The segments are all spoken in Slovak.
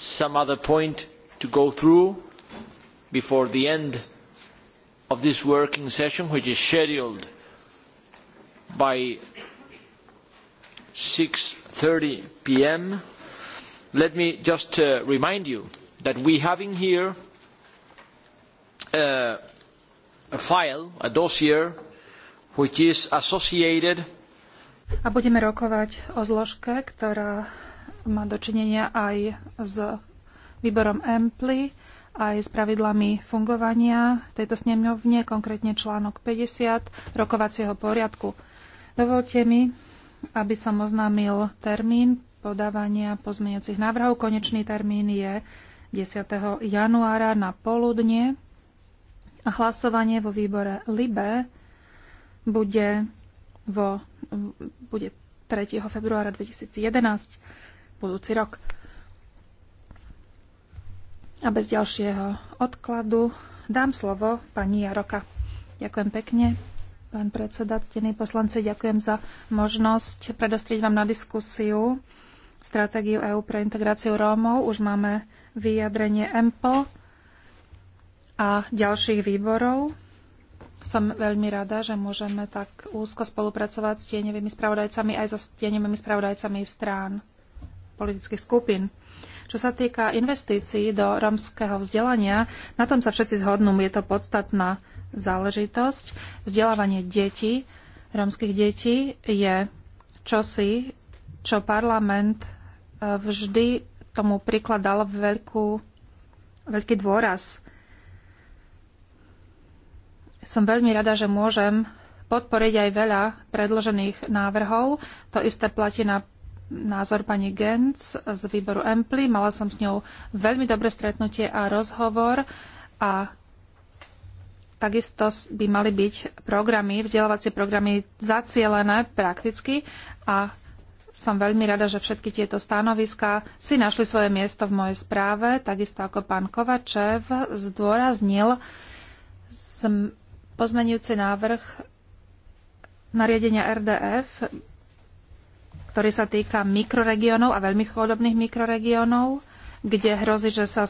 some other point to go through before the end of this working session, which is scheduled by 6.30 p.m., let me just uh, remind you that we have in here uh, a file, a dossier, which is associated a budeme rokovať o zložke, ktorá má dočinenia aj s výborom EMPLY, aj s pravidlami fungovania tejto snemňovne, konkrétne článok 50 rokovacieho poriadku. Dovolte mi, aby som oznámil termín podávania pozmeňujúcich návrhov. Konečný termín je 10. januára na poludne a hlasovanie vo výbore LIBE bude, vo, bude 3. februára 2011 budúci rok. A bez ďalšieho odkladu dám slovo pani Jaroka. Ďakujem pekne, pán predseda, ctení poslanci, ďakujem za možnosť predostrieť vám na diskusiu stratégiu EÚ pre integráciu Rómov. Už máme vyjadrenie EMPL a ďalších výborov. Som veľmi rada, že môžeme tak úzko spolupracovať s tieňovými spravodajcami aj so tieňovými spravodajcami strán politických skupín. Čo sa týka investícií do romského vzdelania, na tom sa všetci zhodnú, je to podstatná záležitosť. Vzdelávanie detí, romských detí je čosi, čo parlament e, vždy tomu prikladal veľkú, veľký dôraz. Som veľmi rada, že môžem podporiť aj veľa predložených návrhov. To isté platí na názor pani Genc z výboru Emply. Mala som s ňou veľmi dobré stretnutie a rozhovor a takisto by mali byť programy, vzdelávacie programy zacielené prakticky a som veľmi rada, že všetky tieto stanoviská si našli svoje miesto v mojej správe, takisto ako pán Kovačev zdôraznil pozmenujúci návrh nariadenia RDF ktorý sa týka mikroregiónov a veľmi chudobných mikroregiónov, kde hrozí, že sa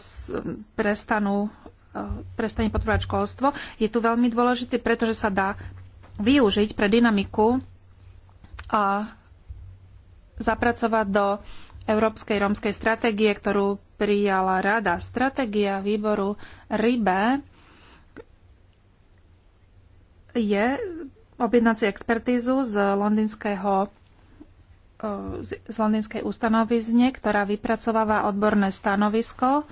prestanú, eh, prestane podporovať školstvo, je tu veľmi dôležitý, pretože sa dá využiť pre dynamiku a zapracovať do Európskej rómskej stratégie, ktorú prijala Rada. Stratégia výboru RIBE je objednací expertízu z londýnskeho z Londýnskej ústanovizne, ktorá vypracováva odborné stanovisko.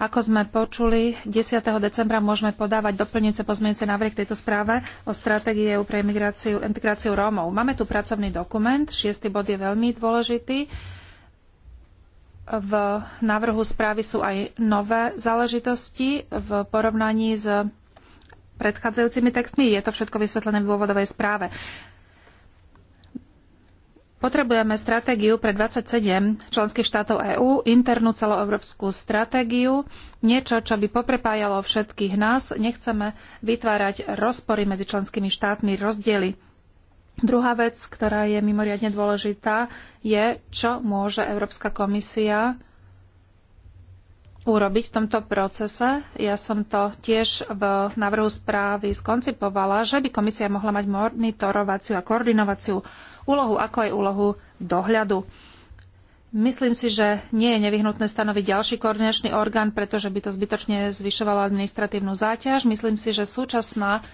Ako sme počuli, 10. decembra môžeme podávať doplnice pozmeňujúce návrh tejto správe o stratégie pre imigráciu, integráciu Rómov. Máme tu pracovný dokument, šiestý bod je veľmi dôležitý. V návrhu správy sú aj nové záležitosti v porovnaní s predchádzajúcimi textmi. Je to všetko vysvetlené v dôvodovej správe. Potrebujeme stratégiu pre 27 členských štátov EÚ, internú celoeurópsku stratégiu, niečo, čo by poprepájalo všetkých nás. Nechceme vytvárať rozpory medzi členskými štátmi, rozdiely. Druhá vec, ktorá je mimoriadne dôležitá, je, čo môže Európska komisia urobiť v tomto procese. Ja som to tiež v návrhu správy skoncipovala, že by komisia mohla mať monitorovaciu a koordinovaciu úlohu, ako aj úlohu dohľadu. Myslím si, že nie je nevyhnutné stanoviť ďalší koordinačný orgán, pretože by to zbytočne zvyšovalo administratívnu záťaž. Myslím si, že súčasná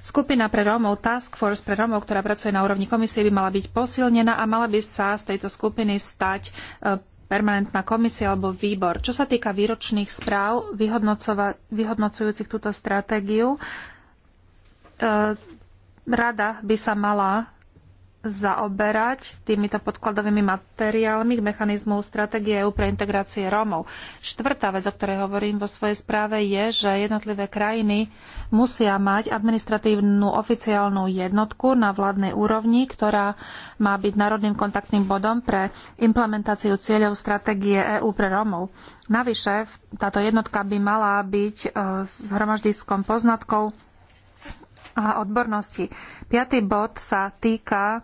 skupina pre Rómov, Task Force pre Rómov, ktorá pracuje na úrovni komisie, by mala byť posilnená a mala by sa z tejto skupiny stať e, permanentná komisia alebo výbor. Čo sa týka výročných správ vyhodnocujúcich túto stratégiu, e, rada by sa mala zaoberať týmito podkladovými materiálmi k mechanizmu stratégie EU pre integrácie Rómov. Štvrtá vec, o ktorej hovorím vo svojej správe, je, že jednotlivé krajiny musia mať administratívnu oficiálnu jednotku na vládnej úrovni, ktorá má byť národným kontaktným bodom pre implementáciu cieľov stratégie EÚ pre Rómov. Navyše, táto jednotka by mala byť zhromaždiskom e, poznatkov a odbornosti. Piatý bod sa týka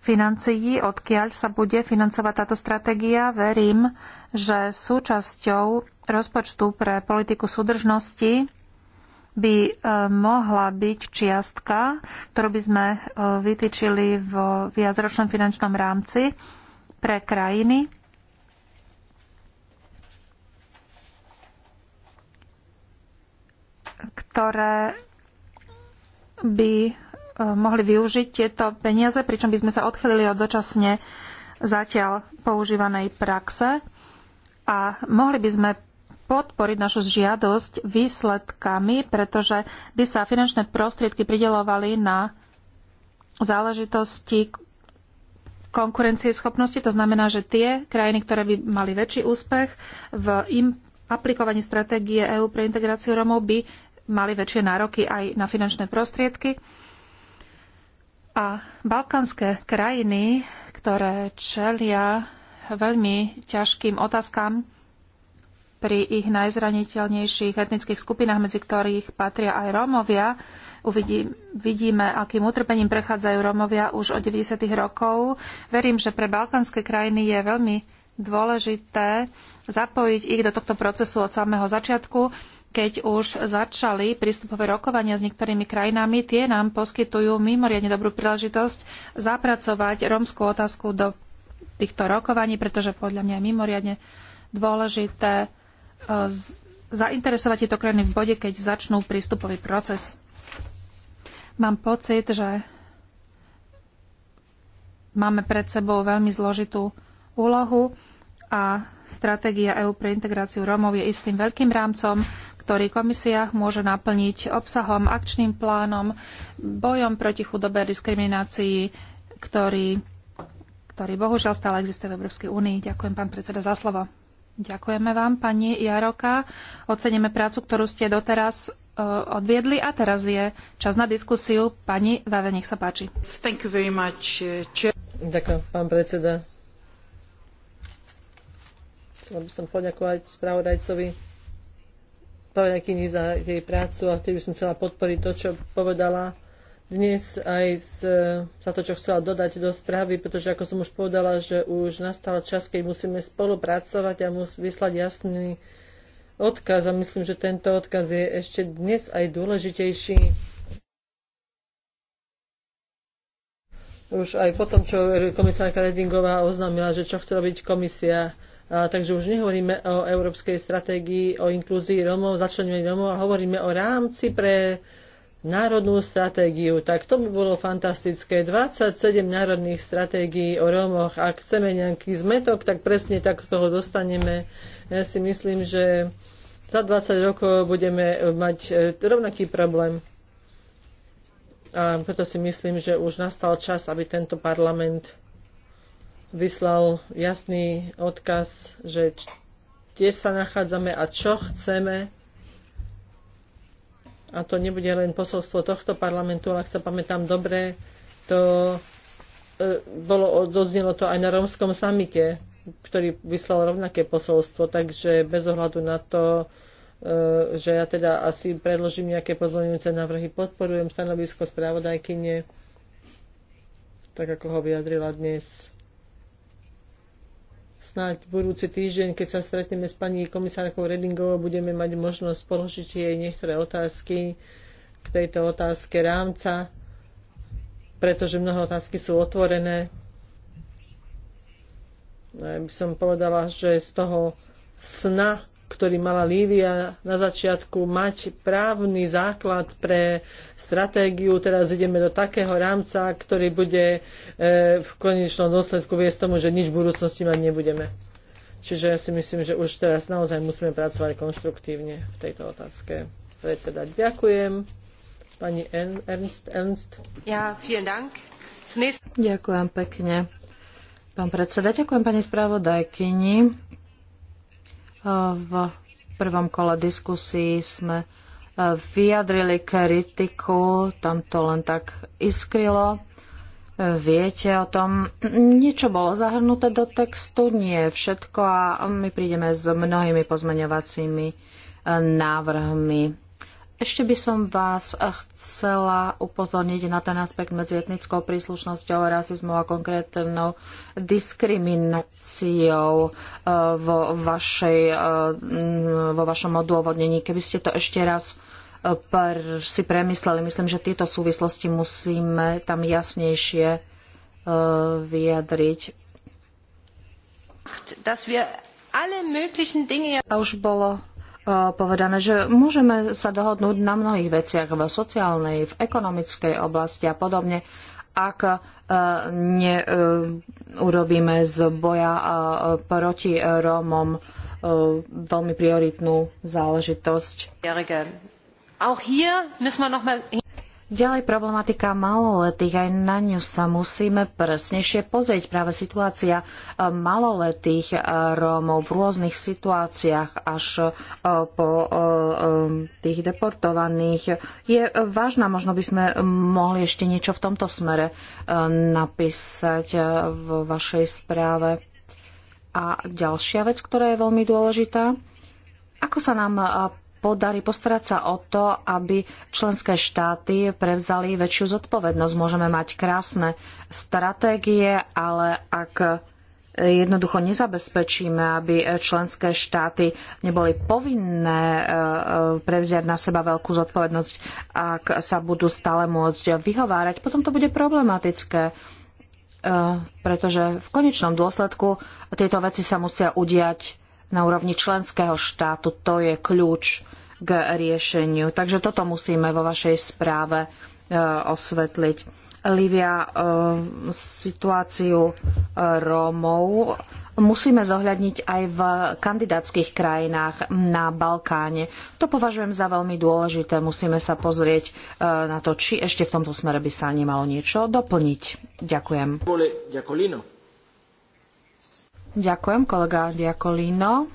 financií, odkiaľ sa bude financovať táto stratégia. Verím, že súčasťou rozpočtu pre politiku súdržnosti by e, mohla byť čiastka, ktorú by sme e, vytýčili v viacročnom finančnom rámci pre krajiny. ktoré by eh, mohli využiť tieto peniaze, pričom by sme sa odchylili od dočasne zatiaľ používanej praxe a mohli by sme podporiť našu žiadosť výsledkami, pretože by sa finančné prostriedky pridelovali na záležitosti konkurencieschopnosti. To znamená, že tie krajiny, ktoré by mali väčší úspech v im aplikovaní stratégie EÚ pre integráciu Romov, by mali väčšie nároky aj na finančné prostriedky. A balkánske krajiny, ktoré čelia veľmi ťažkým otázkam pri ich najzraniteľnejších etnických skupinách, medzi ktorých patria aj Rómovia, Uvidí, vidíme, akým utrpením prechádzajú Rómovia už od 90. rokov. Verím, že pre balkánske krajiny je veľmi dôležité zapojiť ich do tohto procesu od samého začiatku keď už začali prístupové rokovania s niektorými krajinami, tie nám poskytujú mimoriadne dobrú príležitosť zapracovať rómskú otázku do týchto rokovaní, pretože podľa mňa je mimoriadne dôležité e, zainteresovať tieto krajiny v bode, keď začnú prístupový proces. Mám pocit, že máme pred sebou veľmi zložitú úlohu a stratégia EÚ pre integráciu Rómov je istým veľkým rámcom, ktorý komisia môže naplniť obsahom, akčným plánom, bojom proti chudobe a diskriminácii, ktorý, ktorý bohužiaľ stále existuje v Európskej únii. Ďakujem, pán predseda, za slovo. Ďakujeme vám, pani Jaroka. Oceníme prácu, ktorú ste doteraz e, odviedli a teraz je čas na diskusiu. Pani Vave, nech sa páči. Much, uh, Ďakujem, pán predseda. Chcel by som poďakovať spravodajcovi spravodajkyni za jej prácu a tým by som chcela podporiť to, čo povedala dnes aj z, e, za to, čo chcela dodať do správy, pretože ako som už povedala, že už nastal čas, keď musíme spolupracovať a musí vyslať jasný odkaz a myslím, že tento odkaz je ešte dnes aj dôležitejší. Už aj po tom, čo komisárka Redingová oznámila, že čo chce robiť komisia takže už nehovoríme o európskej stratégii, o inklúzii Romov, začlenení Romov, ale hovoríme o rámci pre národnú stratégiu. Tak to by bolo fantastické. 27 národných stratégií o Rómoch. Ak chceme nejaký zmetok, tak presne tak toho dostaneme. Ja si myslím, že za 20 rokov budeme mať e, rovnaký problém. A preto si myslím, že už nastal čas, aby tento parlament vyslal jasný odkaz, že kde sa nachádzame a čo chceme. A to nebude len posolstvo tohto parlamentu, ale ak sa pamätám dobre, to e, bolo, doznelo to aj na rómskom samite, ktorý vyslal rovnaké posolstvo, takže bez ohľadu na to, e, že ja teda asi predložím nejaké pozvoňujúce návrhy, podporujem stanovisko správodajkyne, tak ako ho vyjadrila dnes snáď budúci týždeň, keď sa stretneme s pani komisárkou Redingovou, budeme mať možnosť položiť jej niektoré otázky k tejto otázke rámca, pretože mnohé otázky sú otvorené. Ja by som povedala, že z toho sna ktorý mala Lívia na začiatku, mať právny základ pre stratégiu. Teraz ideme do takého rámca, ktorý bude e, v konečnom dôsledku viesť tomu, že nič v budúcnosti mať nebudeme. Čiže ja si myslím, že už teraz naozaj musíme pracovať konštruktívne v tejto otázke. Predseda, ďakujem. Pani Ernst, Ernst. Ja, vielen Dank. Ďakujem pekne. Pán predseda, ďakujem pani spravodajkyni. V prvom kole diskusí sme e, vyjadrili kritiku, tam to len tak iskrilo. E, viete o tom, niečo bolo zahrnuté do textu, nie všetko a my prídeme s mnohými pozmeňovacími e, návrhmi. Ešte by som vás eh, chcela upozorniť na ten aspekt medzi etnickou príslušnosťou, rasizmou a konkrétnou diskrimináciou eh, vo, vašej, eh, mm, vo vašom odôvodnení. Keby ste to ešte raz si premysleli, myslím, že tieto súvislosti musíme tam jasnejšie vyjadriť. A už bolo E, povedané, že môžeme sa dohodnúť na mnohých veciach v sociálnej, v ekonomickej oblasti a podobne, ak e, neurobíme e, z boja proti Rómom veľmi prioritnú záležitosť. Auch hier müssen wir noch mal Ďalej problematika maloletých, aj na ňu sa musíme presnejšie pozrieť. Práve situácia eh, maloletých eh, Rómov v rôznych situáciách až eh, po tých deportovaných je vážna. Možno by sme mohli ešte niečo v tomto smere napísať v vašej správe. A ďalšia vec, ktorá je veľmi dôležitá, ako sa nám podarí postarať sa o to, aby členské štáty prevzali väčšiu zodpovednosť. Môžeme mať krásne stratégie, ale ak jednoducho nezabezpečíme, aby členské štáty neboli povinné e, e, prevziať na seba veľkú zodpovednosť, ak sa budú stále môcť vyhovárať, potom to bude problematické e, pretože v konečnom dôsledku tieto veci sa musia udiať na úrovni členského štátu. To je kľúč k riešeniu. Takže toto musíme vo vašej správe e, osvetliť. Livia, e, situáciu e, Rómov musíme zohľadniť aj v kandidátskych krajinách na Balkáne. To považujem za veľmi dôležité. Musíme sa pozrieť na to, či ešte v tomto smere by sa nemalo niečo doplniť. Ďakujem. Ďakujem, kolega Diakolino.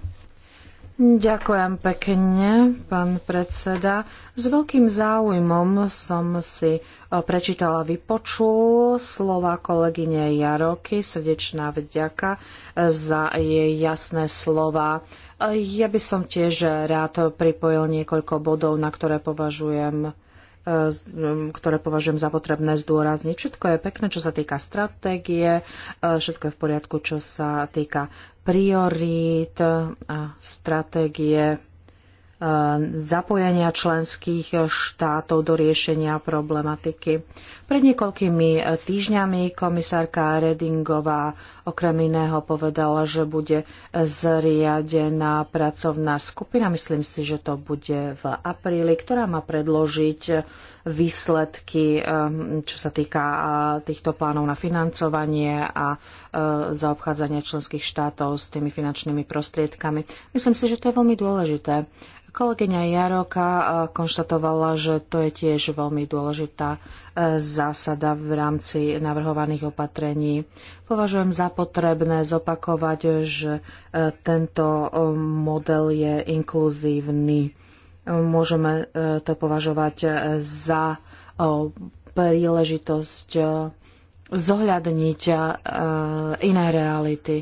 Ďakujem pekne, pán predseda. S veľkým záujmom som si e, prečítala, vypočul slova kolegyne Jaroky, srdečná vďaka e, za jej jasné slova. E, ja by som tiež rád pripojil niekoľko bodov, na ktoré považujem ktoré považujem za potrebné zdôrazniť. Všetko je pekné, čo sa týka stratégie, e, všetko je v poriadku, čo sa týka priorít a stratégie zapojenia členských štátov do riešenia problematiky. Pred niekoľkými týždňami komisárka Redingová okrem iného povedala, že bude zriadená pracovná skupina, myslím si, že to bude v apríli, ktorá má predložiť výsledky, ehm, čo sa týka týchto plánov na financovanie a e, zaobchádzanie členských štátov s tými finančnými prostriedkami. Myslím si, že to je veľmi dôležité. Kolegyňa Jaroka e, konštatovala, že to je tiež veľmi dôležitá e, zásada v rámci navrhovaných opatrení. Považujem za potrebné zopakovať, že tento model je inkluzívny Môžeme e, to považovať e, za e, príležitosť zohľadniť iné reality.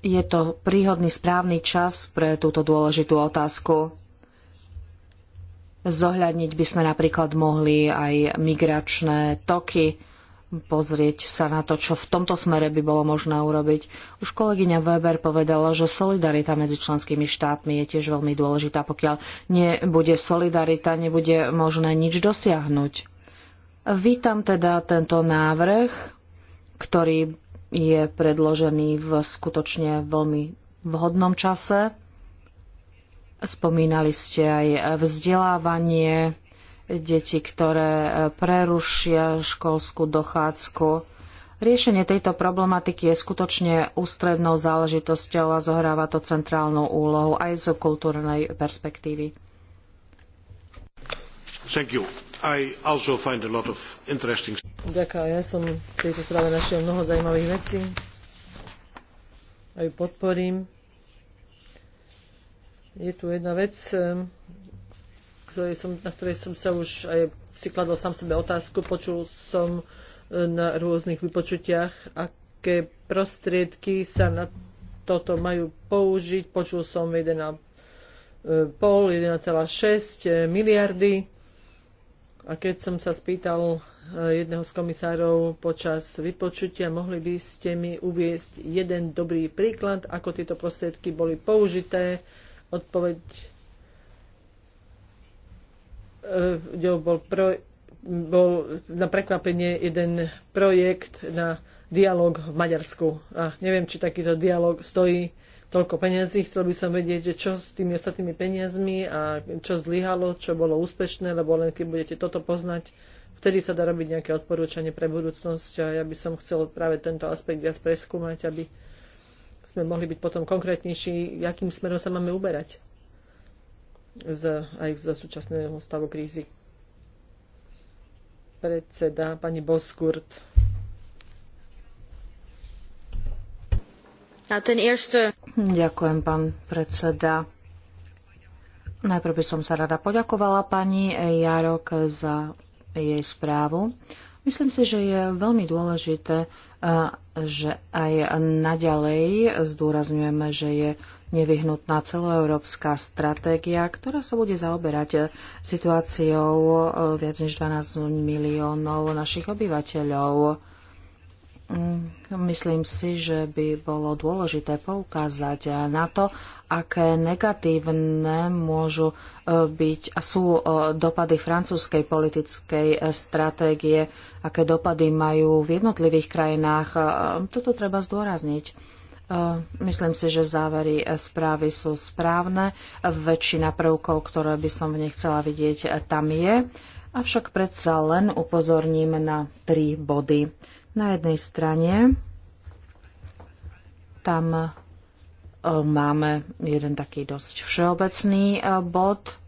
Je to príhodný správny čas pre túto dôležitú otázku. Zohľadniť by sme napríklad mohli aj migračné toky, pozrieť sa na to, čo v tomto smere by bolo možné urobiť. Už kolegyňa Weber povedala, že solidarita medzi členskými štátmi je tiež veľmi dôležitá. Pokiaľ nebude solidarita, nebude možné nič dosiahnuť. Vítam teda tento návrh, ktorý je predložený v skutočne veľmi vhodnom čase. Spomínali ste aj vzdelávanie, deti, ktoré e, prerušia školskú dochádzku. Riešenie tejto problematiky je skutočne ústrednou záležitosťou a zohráva to centrálnu úlohu aj zo kultúrnej perspektívy. Interesting... Ďakujem. Ja som v tejto správe našiel mnoho zaujímavých vecí a ju podporím. Je tu jedna vec, ktorej som, na ktorej som sa už aj si kladol sám sebe otázku. Počul som e, na rôznych vypočutiach, aké prostriedky sa na toto majú použiť. Počul som 1,5, 1,6 e, e, miliardy. A keď som sa spýtal jedného z komisárov počas vypočutia, mohli by ste mi uviesť jeden dobrý príklad, ako tieto prostriedky boli použité. Odpoveď E, ňou bol, pro, bol na prekvapenie jeden projekt na dialog v Maďarsku. A neviem, či takýto dialog stojí toľko peniazí. Chcel by som vedieť, že čo s tými ostatnými peniazmi a čo zlyhalo, čo bolo úspešné, lebo len keď budete toto poznať, vtedy sa dá robiť nejaké odporúčanie pre budúcnosť a ja by som chcel práve tento aspekt viac preskúmať, aby sme mohli byť potom konkrétnejší, akým smerom sa máme uberať z, aj za súčasného stavu krízy. Predseda pani Boskurt. Na ten ešte... Ďakujem, pán predseda. Najprv by som sa rada poďakovala pani Jarok za jej správu. Myslím si, že je veľmi dôležité, eh, že aj naďalej zdôrazňujeme, že je nevyhnutná celoeurópska stratégia, ktorá sa bude zaoberať situáciou e, viac než 12 miliónov našich obyvateľov. Mm, myslím si, že by bolo dôležité poukázať na to, aké negatívne môžu e, byť a sú e, dopady francúzskej politickej stratégie, aké dopady majú v jednotlivých krajinách. Toto treba zdôrazniť. Eh, myslím si, že závery eh, správy sú správne. Väčšina prvkov, ktoré by som v nich chcela vidieť, eh, tam je. Avšak predsa len upozorním na tri body. Na jednej strane tam máme jeden taký dosť všeobecný bod,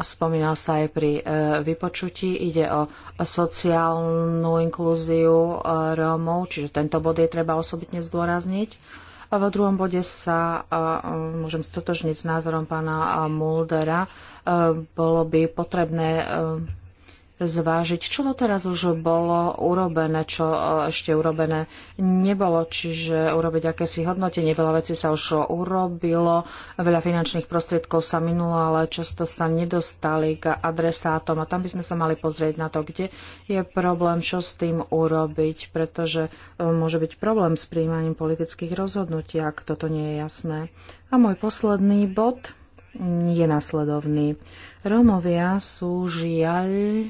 spomínal sa aj pri e, vypočutí. Ide o sociálnu inklúziu e, Rómov, čiže tento bod je treba osobitne zdôrazniť. A vo druhom bode sa e, môžem stotožniť s názorom pána Muldera. Bolo by potrebné zvážiť, čo doteraz už bolo urobené, čo e, ešte urobené nebolo, čiže urobiť akési hodnotenie. Veľa vecí sa už urobilo, veľa finančných prostriedkov sa minulo, ale často sa nedostali k adresátom a tam by sme sa mali pozrieť na to, kde je problém, čo s tým urobiť, pretože e, môže byť problém s príjmaním politických rozhodnutí, ak toto nie je jasné. A môj posledný bod je nasledovný. Rómovia sú žiaľ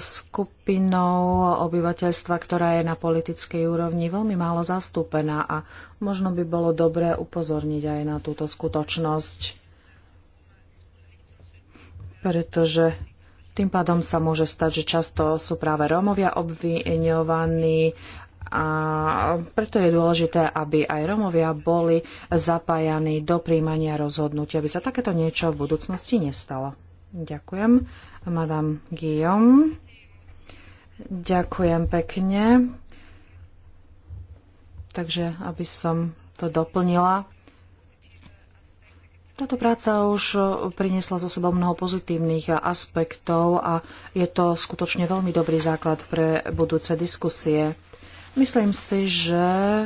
skupinou obyvateľstva, ktorá je na politickej úrovni veľmi málo zastúpená a možno by bolo dobré upozorniť aj na túto skutočnosť, pretože tým pádom sa môže stať, že často sú práve Rómovia obviňovaní a preto je dôležité, aby aj Romovia boli zapájani do príjmania rozhodnutia, aby sa takéto niečo v budúcnosti nestalo. Ďakujem. Madame Guillaume. Ďakujem pekne. Takže, aby som to doplnila. Táto práca už priniesla zo sebou mnoho pozitívnych aspektov a je to skutočne veľmi dobrý základ pre budúce diskusie. Myslím si, že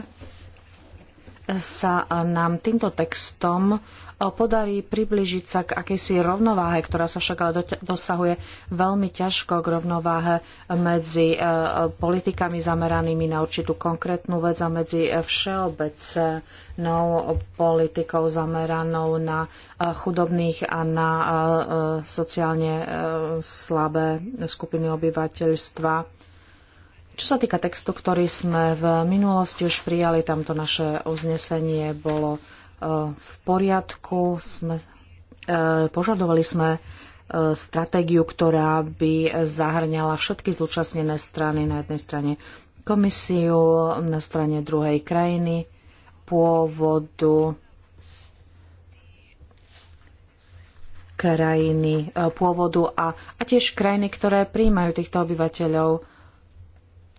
sa nám týmto textom e, podarí približiť sa k akejsi rovnováhe, ktorá sa však ale dosahuje veľmi ťažko k rovnováhe medzi e, politikami zameranými na určitú konkrétnu vec a medzi e, všeobecnou politikou zameranou na chudobných a na sociálne slabé skupiny obyvateľstva. Čo sa týka textu, ktorý sme v minulosti už prijali, tamto naše uznesenie bolo e, v poriadku. Sme, e, požadovali sme e, stratégiu, ktorá by zahrňala všetky zúčastnené strany, na jednej strane komisiu, na strane druhej krajiny pôvodu, krajiny pôvodu a, a tiež krajiny, ktoré príjmajú týchto obyvateľov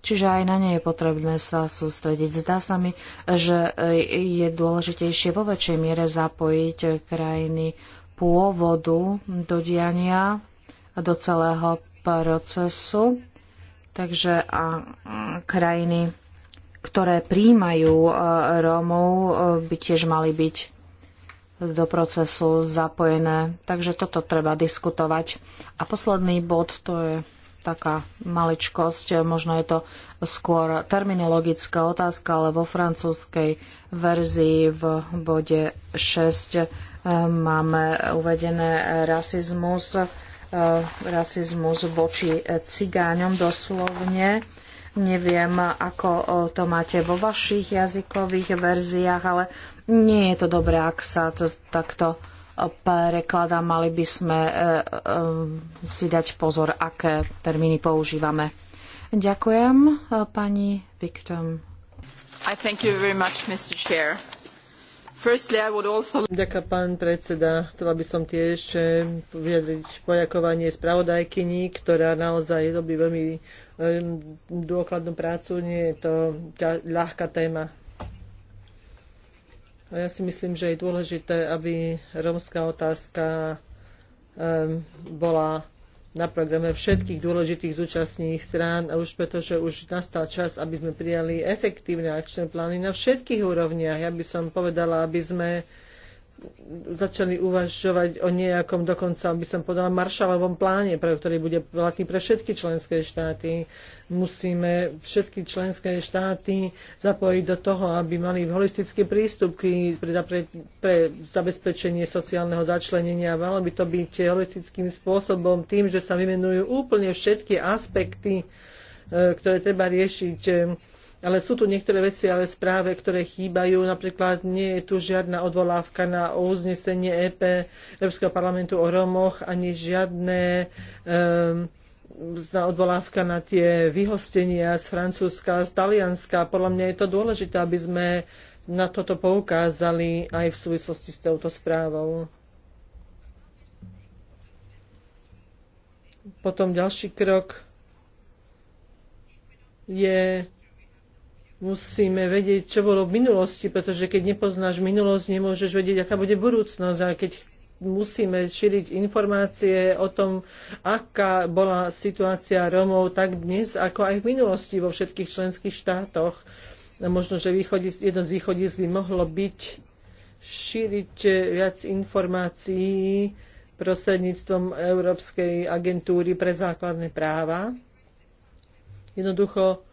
Čiže aj na ne je potrebné sa sústrediť. Zdá sa mi, že je dôležitejšie vo väčšej miere zapojiť krajiny pôvodu do diania, do celého procesu. Takže a krajiny, ktoré príjmajú e, Rómov, e, by tiež mali byť do procesu zapojené. Takže toto treba diskutovať. A posledný bod to je taká maličkosť, možno je to skôr terminologická otázka, ale vo francúzskej verzii v bode 6 eh, máme uvedené rasizmus, eh, rasizmus voči cigáňom doslovne. Neviem, ako eh, to máte vo vašich jazykových verziách, ale nie je to dobré, ak sa to takto preklada, mali by sme e, e, si dať pozor, aké termíny používame. Ďakujem, e, pani Viktor. I thank you very much, Mr. Chair. Firstly, I would also... Ďakujem, pán predseda. Chcela by som tiež vyjadriť poďakovanie spravodajkyni, ktorá naozaj robí veľmi dôkladnú prácu. Nie je to ľahká téma. Ja si myslím, že je dôležité, aby rómska otázka bola na programe všetkých dôležitých zúčastných strán a už pretože už nastal čas, aby sme prijali efektívne akčné plány na všetkých úrovniach. Ja by som povedala, aby sme začali uvažovať o nejakom dokonca, by som povedala, maršalovom pláne, pre ktorý bude platný pre všetky členské štáty. Musíme všetky členské štáty zapojiť do toho, aby mali holistický prístup k, pre, pre, pre zabezpečenie sociálneho začlenenia. Malo by to byť holistickým spôsobom tým, že sa vymenujú úplne všetky aspekty, e, ktoré treba riešiť ale sú tu niektoré veci ale správe, ktoré chýbajú. Napríklad nie je tu žiadna odvolávka na uznesenie EP Európskeho parlamentu o Romoch, ani žiadne um, odvolávka na tie vyhostenia z Francúzska, z Talianska. Podľa mňa je to dôležité, aby sme na toto poukázali aj v súvislosti s touto správou. Potom ďalší krok je musíme vedieť, čo bolo v minulosti, pretože keď nepoznáš minulosť, nemôžeš vedieť, aká bude budúcnosť. Ale keď musíme šíriť informácie o tom, aká bola situácia Rómov tak dnes, ako aj v minulosti vo všetkých členských štátoch. A možno, že východis, jedno z východisk by mohlo byť šíriť viac informácií prostredníctvom Európskej agentúry pre základné práva. Jednoducho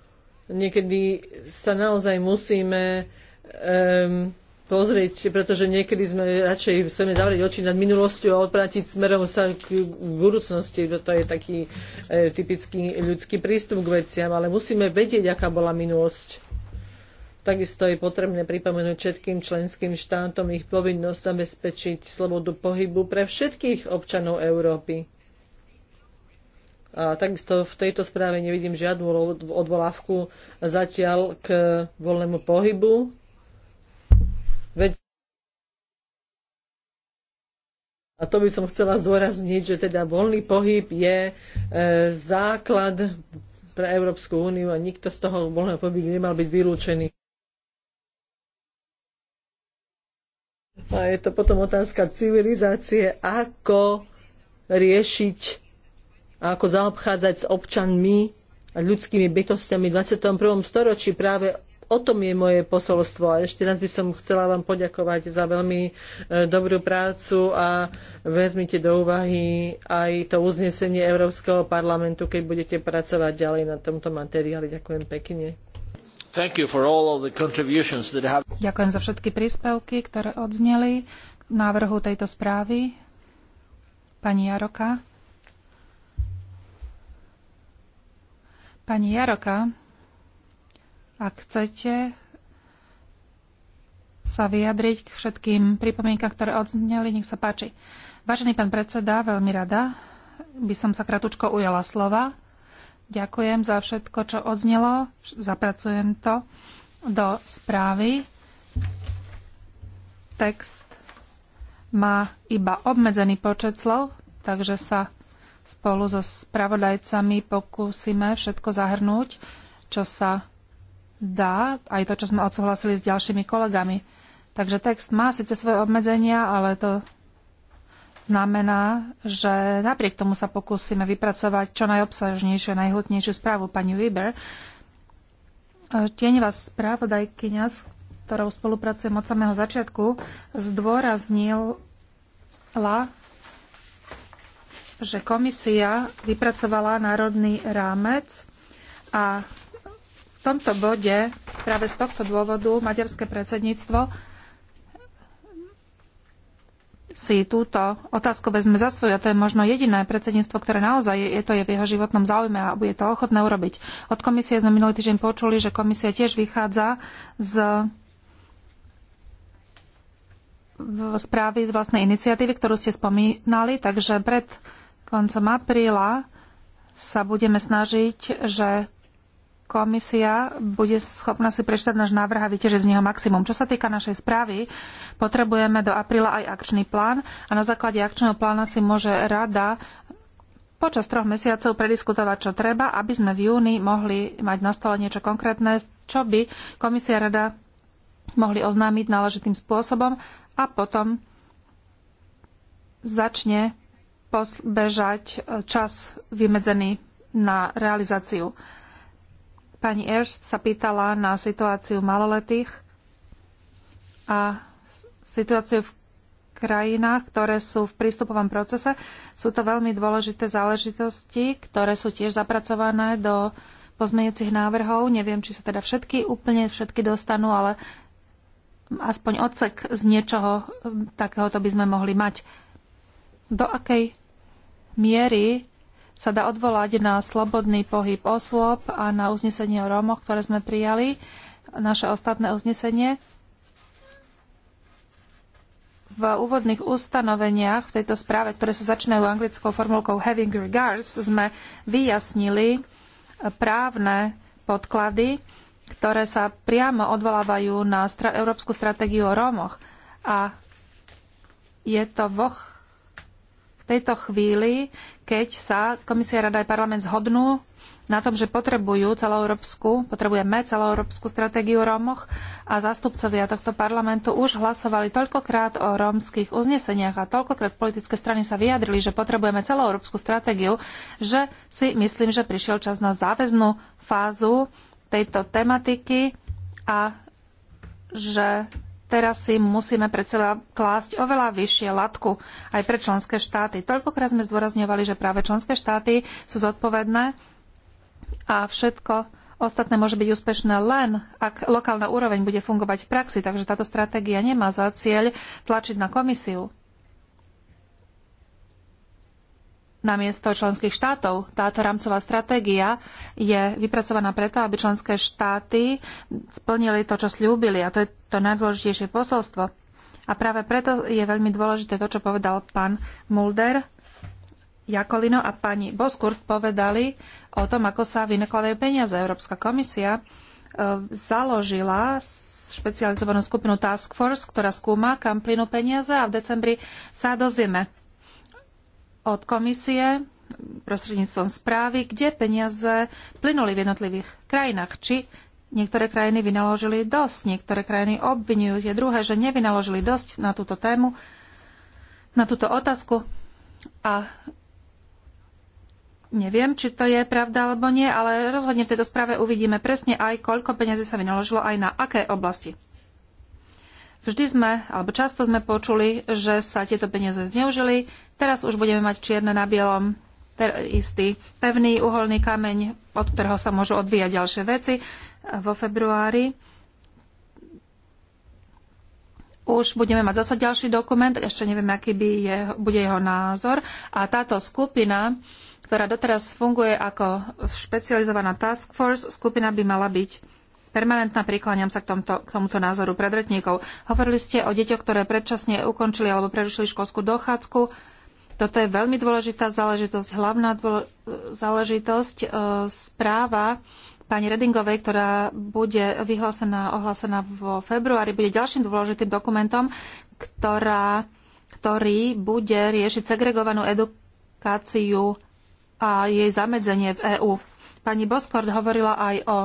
Niekedy sa naozaj musíme um, pozrieť, pretože niekedy sme radšej chceme zavrieť oči nad minulosťou a odprátiť smerom sa k budúcnosti. To je taký e, typický ľudský prístup k veciam, ale musíme vedieť, aká bola minulosť. Takisto je potrebné pripomenúť všetkým členským štátom ich povinnosť zabezpečiť slobodu pohybu pre všetkých občanov Európy takisto v tejto správe nevidím žiadnu odvolávku zatiaľ k voľnému pohybu. Veď a to by som chcela zdôrazniť, že teda voľný pohyb je e, základ pre Európsku úniu a nikto z toho voľného pohybu nemal byť vylúčený. A je to potom otázka civilizácie, ako riešiť a ako zaobchádzať s občanmi a ľudskými bytostiami v 21. storočí. Práve o tom je moje posolstvo. A ešte raz by som chcela vám poďakovať za veľmi e, dobrú prácu a vezmite do úvahy aj to uznesenie Európskeho parlamentu, keď budete pracovať ďalej na tomto materiáli. Ďakujem pekne. Have... Ďakujem za všetky príspevky, ktoré odzneli k návrhu tejto správy. Pani Jaroka. Pani Jaroka, ak chcete sa vyjadriť k všetkým pripomienkam, ktoré odzneli, nech sa páči. Vážený pán predseda, veľmi rada by som sa kratučko ujala slova. Ďakujem za všetko, čo odznelo. Zapracujem to do správy. Text má iba obmedzený počet slov, takže sa spolu so spravodajcami pokúsime všetko zahrnúť, čo sa dá, aj to, čo sme odsúhlasili s ďalšími kolegami. Takže text má síce svoje obmedzenia, ale to znamená, že napriek tomu sa pokúsime vypracovať čo najobsažnejšiu, najhutnejšiu správu pani Weber. Tieňová správodajkyňa, s ktorou spolupracujem od samého začiatku, zdôraznila že komisia vypracovala národný rámec a v tomto bode práve z tohto dôvodu maďarské predsedníctvo si túto otázku vezme za svoju a to je možno jediné predsedníctvo, ktoré naozaj je, to je v jeho životnom záujme a bude to ochotné urobiť. Od komisie sme minulý týždeň počuli, že komisia tiež vychádza z správy z vlastnej iniciatívy, ktorú ste spomínali, takže pred koncom apríla sa budeme snažiť, že komisia bude schopná si prečítať náš návrh a vyťažiť z neho maximum. Čo sa týka našej správy, potrebujeme do apríla aj akčný plán a na základe akčného plána si môže rada počas troch mesiacov prediskutovať, čo treba, aby sme v júni mohli mať na stole niečo konkrétne, čo by komisia rada mohli oznámiť náležitým spôsobom a potom začne bežať e, čas vymedzený na realizáciu. Pani Erst sa pýtala na situáciu maloletých a situáciu v krajinách, ktoré sú v prístupovom procese. Sú to veľmi dôležité záležitosti, ktoré sú tiež zapracované do pozmeňujúcich návrhov. Neviem, či sa teda všetky úplne všetky dostanú, ale aspoň odsek z niečoho e, takéhoto by sme mohli mať. Do akej miery sa dá odvolať na slobodný pohyb osôb a na uznesenie o Rómoch, ktoré sme prijali, naše ostatné uznesenie. V úvodných ustanoveniach v tejto správe, ktoré sa začínajú anglickou formulkou having regards, sme vyjasnili právne podklady, ktoré sa priamo odvolávajú na stra- európsku stratégiu o Rómoch. A je to voch tejto chvíli, keď sa Komisia, Rada aj parlament zhodnú na tom, že potrebujú celoeurópsku, potrebujeme celoeurópsku stratégiu o Rómoch a zástupcovia tohto parlamentu už hlasovali toľkokrát o rómskych uzneseniach a toľkokrát politické strany sa vyjadrili, že potrebujeme celoeurópsku stratégiu, že si myslím, že prišiel čas na záväznú fázu tejto tematiky a že teraz si musíme pred seba klásť oveľa vyššie latku aj pre členské štáty. Toľkokrát sme zdôrazňovali, že práve členské štáty sú zodpovedné a všetko ostatné môže byť úspešné len, ak lokálna úroveň bude fungovať v praxi. Takže táto stratégia nemá za cieľ tlačiť na komisiu. na miesto členských štátov. Táto rámcová stratégia je vypracovaná preto, aby členské štáty splnili to, čo slúbili. A to je to najdôležitejšie posolstvo. A práve preto je veľmi dôležité to, čo povedal pán Mulder, Jakolino a pani Boskurt povedali o tom, ako sa vynakladajú peniaze. Európska komisia e, založila špecializovanú skupinu Task Force, ktorá skúma, kam plynú peniaze a v decembri sa dozvieme od komisie prostredníctvom správy, kde peniaze plynuli v jednotlivých krajinách. Či niektoré krajiny vynaložili dosť, niektoré krajiny obvinujú tie druhé, že nevynaložili dosť na túto tému, na túto otázku. A Neviem, či to je pravda alebo nie, ale rozhodne v tejto správe uvidíme presne aj, koľko peniazy sa vynaložilo aj na aké oblasti. Vždy sme, alebo často sme počuli, že sa tieto peniaze zneužili. Teraz už budeme mať čierne na bielom ter, istý pevný uholný kameň, od ktorého sa môžu odvíjať ďalšie veci. Vo februári už budeme mať zase ďalší dokument, ešte neviem, aký by je, bude jeho názor. A táto skupina, ktorá doteraz funguje ako špecializovaná task force, skupina by mala byť permanentná, prikláňam sa k, tomto, k tomuto názoru predretníkov. Hovorili ste o deťoch, ktoré predčasne ukončili alebo prerušili školskú dochádzku. Toto je veľmi dôležitá záležitosť, hlavná dôle, záležitosť. E, správa pani Redingovej, ktorá bude vyhlásená, ohlásená vo februári, bude ďalším dôležitým dokumentom, ktorá, ktorý bude riešiť segregovanú edukáciu a jej zamedzenie v EÚ. Pani Boskord hovorila aj o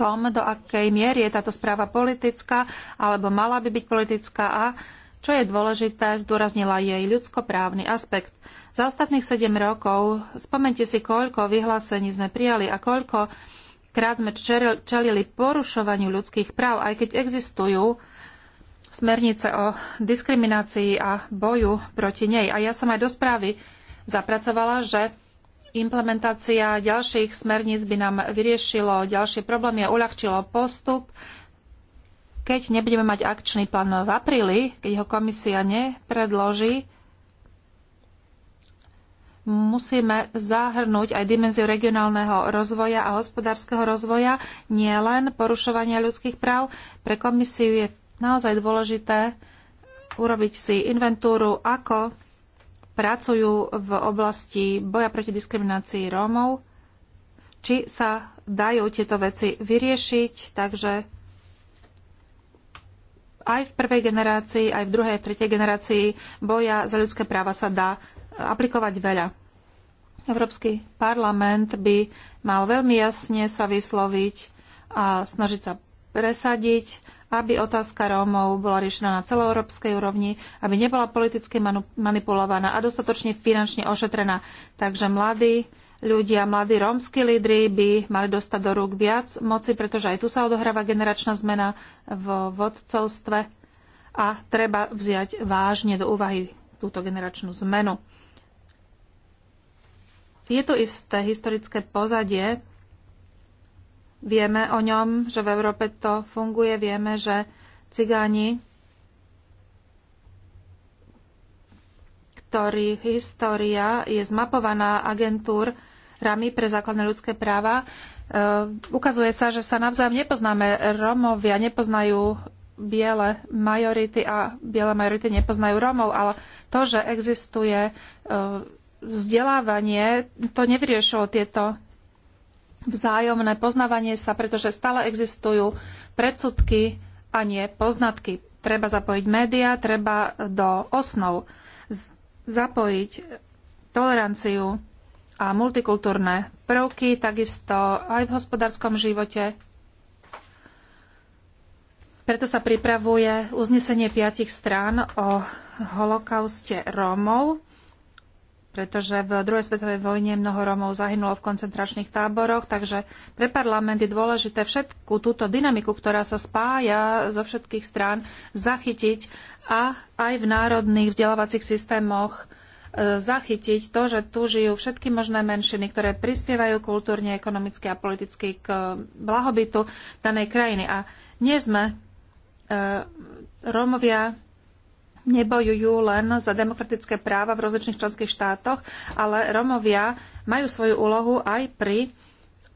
tom, do akej miery je táto správa politická, alebo mala by byť politická a čo je dôležité, zdôraznila jej ľudskoprávny aspekt. Za ostatných 7 rokov spomente si, koľko vyhlásení sme prijali a koľko krát sme čelili porušovaniu ľudských práv, aj keď existujú smernice o diskriminácii a boju proti nej. A ja som aj do správy zapracovala, že Implementácia ďalších smerníc by nám vyriešilo ďalšie problémy a uľahčilo postup. Keď nebudeme mať akčný plán v apríli, keď ho komisia nepredloží, musíme zahrnúť aj dimenziu regionálneho rozvoja a hospodárskeho rozvoja, nielen porušovania ľudských práv. Pre komisiu je naozaj dôležité urobiť si inventúru, ako pracujú v oblasti boja proti diskriminácii Rómov, či sa dajú tieto veci vyriešiť, takže aj v prvej generácii, aj v druhej, v tretej generácii boja za ľudské práva sa dá aplikovať veľa. Európsky parlament by mal veľmi jasne sa vysloviť a snažiť sa presadiť aby otázka Rómov bola riešená na celoeurópskej úrovni, aby nebola politicky manipulovaná a dostatočne finančne ošetrená. Takže mladí ľudia, mladí rómsky lídry by mali dostať do rúk viac moci, pretože aj tu sa odohráva generačná zmena v vodcovstve a treba vziať vážne do úvahy túto generačnú zmenu. Je to isté historické pozadie, Vieme o ňom, že v Európe to funguje, vieme, že cigáni, ktorých história je zmapovaná agentúr Rami pre základné ľudské práva, e, ukazuje sa, že sa navzájom nepoznáme. Romovia, nepoznajú biele majority a biele majority nepoznajú Romov, ale to, že existuje e, vzdelávanie, to nevyriešilo tieto vzájomné poznávanie sa, pretože stále existujú predsudky a nie poznatky. Treba zapojiť médiá, treba do osnov zapojiť toleranciu a multikultúrne prvky, takisto aj v hospodárskom živote. Preto sa pripravuje uznesenie piatich strán o holokauste Rómov pretože v druhej svetovej vojne mnoho Rómov zahynulo v koncentračných táboroch, takže pre parlament je dôležité všetku túto dynamiku, ktorá sa spája zo všetkých strán, zachytiť a aj v národných vzdelávacích systémoch e, zachytiť to, že tu žijú všetky možné menšiny, ktoré prispievajú kultúrne, ekonomicky a politicky k e, blahobytu danej krajiny. A nie sme e, Rómovia nebojujú len za demokratické práva v rozličných členských štátoch, ale Romovia majú svoju úlohu aj pri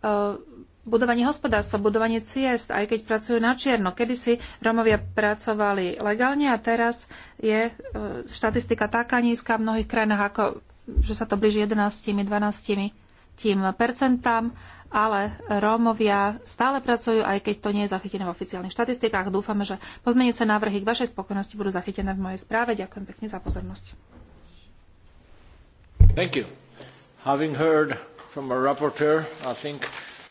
uh, budovaní hospodárstva, budovaní ciest, aj keď pracujú na čierno. Kedysi Romovia pracovali legálne a teraz je e, štatistika taká nízka v mnohých krajinách, ako že sa to blíži 11-12 tým percentám ale Rómovia stále pracujú, aj keď to nie je zachytené v oficiálnych štatistikách. Dúfame, že pozmeniace návrhy k vašej spokojnosti budú zachytené v mojej správe. Ďakujem pekne za pozornosť. Thank you. Having heard from a rapporteur, I think...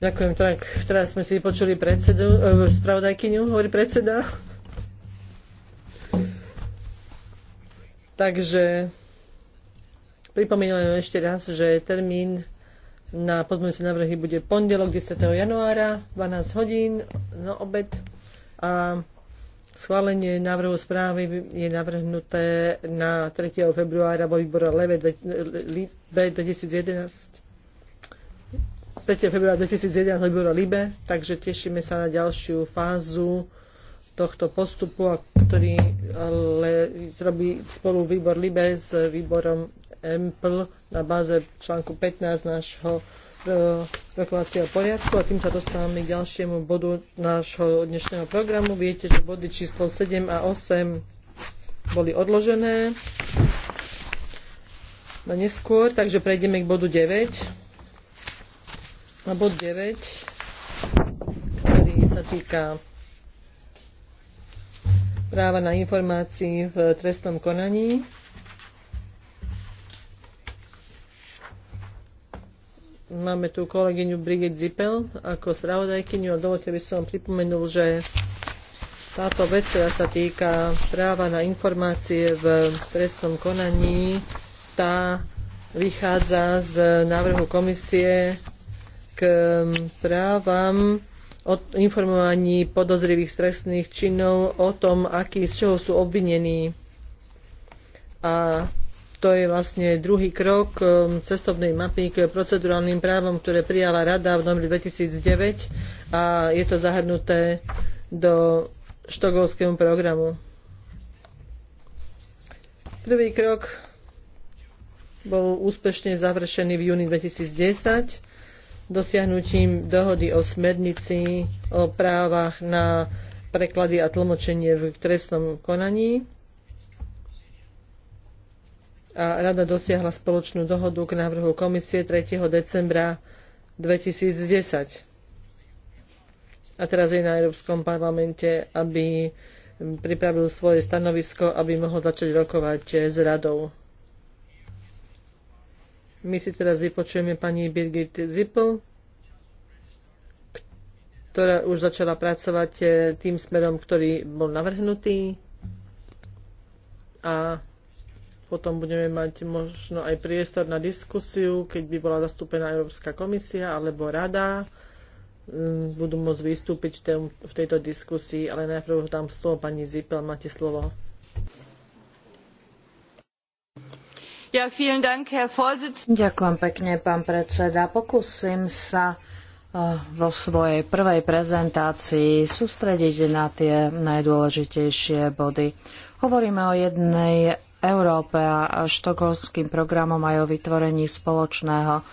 Ďakujem, tak teraz sme si počuli predsedu, eh, spravodajkyňu, hovorí predseda. Takže pripomínam ešte raz, že termín na pozmeňujúce návrhy bude pondelok 10. januára 12 hodín na obed a schválenie návrhu správy je navrhnuté na 3. februára vo výbore LEVE 2011 3. februára 2011 výbora LIBE, takže tešíme sa na ďalšiu fázu tohto postupu, ktorý ale robí spolu výbor LIBE s výborom EMPL na báze článku 15 nášho e, rokovacieho poriadku a týmto dostávame k ďalšiemu bodu nášho dnešného programu. Viete, že body číslo 7 a 8 boli odložené na neskôr, takže prejdeme k bodu 9. A bod 9, ktorý sa týka práva na informácii v trestnom konaní. Máme tu kolegyňu Brigitte Zippel ako spravodajkyňu a dovolte by som pripomenul, že táto vec, ktorá sa týka práva na informácie v trestnom konaní, tá vychádza z návrhu komisie k um, právam o informovaní podozrivých stresných činov o tom, aký, z čoho sú obvinení. A to je vlastne druhý krok um, cestovnej mapy k procedurálnym právom, ktoré prijala Rada v novembri 2009 a je to zahrnuté do štokholmského programu. Prvý krok bol úspešne završený v júni 2010 dosiahnutím dohody o smernici o právach na preklady a tlmočenie v trestnom konaní a rada dosiahla spoločnú dohodu k návrhu komisie 3. decembra 2010. A teraz je na Európskom parlamente, aby pripravil svoje stanovisko, aby mohol začať rokovať s radou. My si teraz vypočujeme pani Birgit Zippel, ktorá už začala pracovať eh, tým smerom, ktorý bol navrhnutý. A potom budeme mať možno aj priestor na diskusiu, keď by bola zastúpená Európska komisia alebo rada. Mm, budú môcť vystúpiť v tejto diskusii, ale najprv dám slovo pani Zipel. Máte slovo. Ja, Dank, Ďakujem pekne, pán predseda. Pokúsim sa eh, vo svojej prvej prezentácii sústrediť na tie najdôležitejšie body. Hovoríme o jednej Európe a štokholským programom aj o vytvorení spoločného e,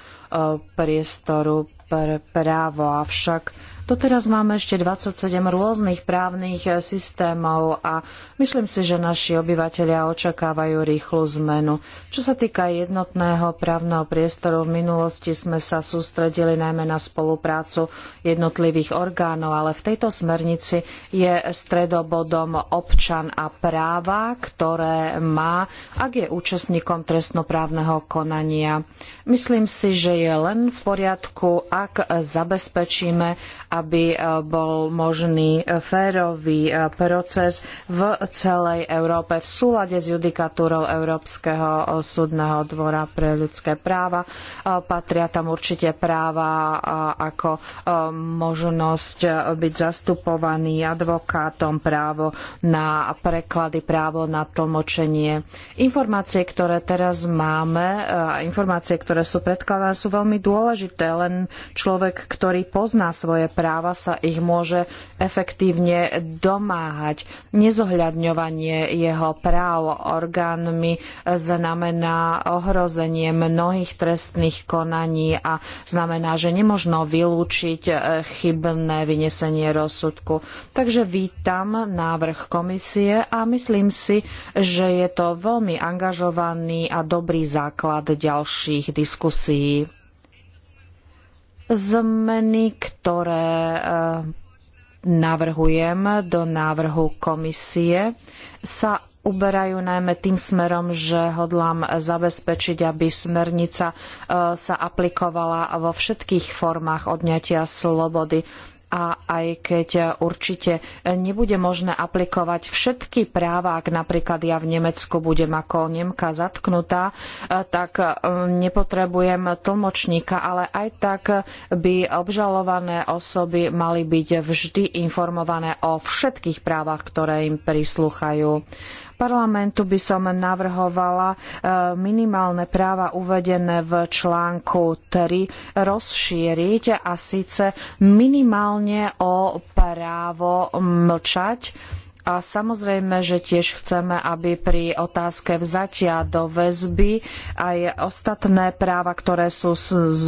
priestoru pre právo. Avšak Doteraz máme ešte 27 rôznych právnych eh, systémov a myslím si, že naši obyvateľia očakávajú rýchlu zmenu. Čo sa týka jednotného právneho priestoru, v minulosti sme sa sústredili najmä na spoluprácu jednotlivých orgánov, ale v tejto smernici je stredobodom občan a práva, ktoré má, ak je účastníkom trestnoprávneho konania. Myslím si, že je len v poriadku, ak zabezpečíme, aby aby eh, bol možný eh, férový eh, proces v celej Európe v súlade s judikatúrou Európskeho súdneho dvora pre ľudské práva. Patria tam určite práva ako možnosť byť zastupovaný advokátom, právo na preklady, právo na tlmočenie. Informácie, ktoré teraz máme, a informácie, ktoré sú predkladané, sú veľmi dôležité. Len človek, ktorý pozná svoje práva, práva sa ich môže efektívne domáhať. Nezohľadňovanie jeho práv orgánmi znamená ohrozenie mnohých trestných konaní a znamená, že nemožno vylúčiť chybné vynesenie rozsudku. Takže vítam návrh komisie a myslím si, že je to veľmi angažovaný a dobrý základ ďalších diskusí zmeny, ktoré eh, navrhujem do návrhu komisie, sa uberajú najmä tým smerom, že hodlám zabezpečiť, aby smernica eh, sa aplikovala vo všetkých formách odňatia slobody a aj keď určite nebude možné aplikovať všetky práva, ak napríklad ja v Nemecku budem ako Nemka zatknutá, tak mm, nepotrebujem tlmočníka, ale aj tak by obžalované osoby mali byť vždy informované o všetkých právach, ktoré im prislúchajú parlamentu by som navrhovala e, minimálne práva uvedené v článku 3 rozšíriť a síce minimálne o právo mlčať a samozrejme, že tiež chceme, aby pri otázke vzatia do väzby aj ostatné práva, ktoré sú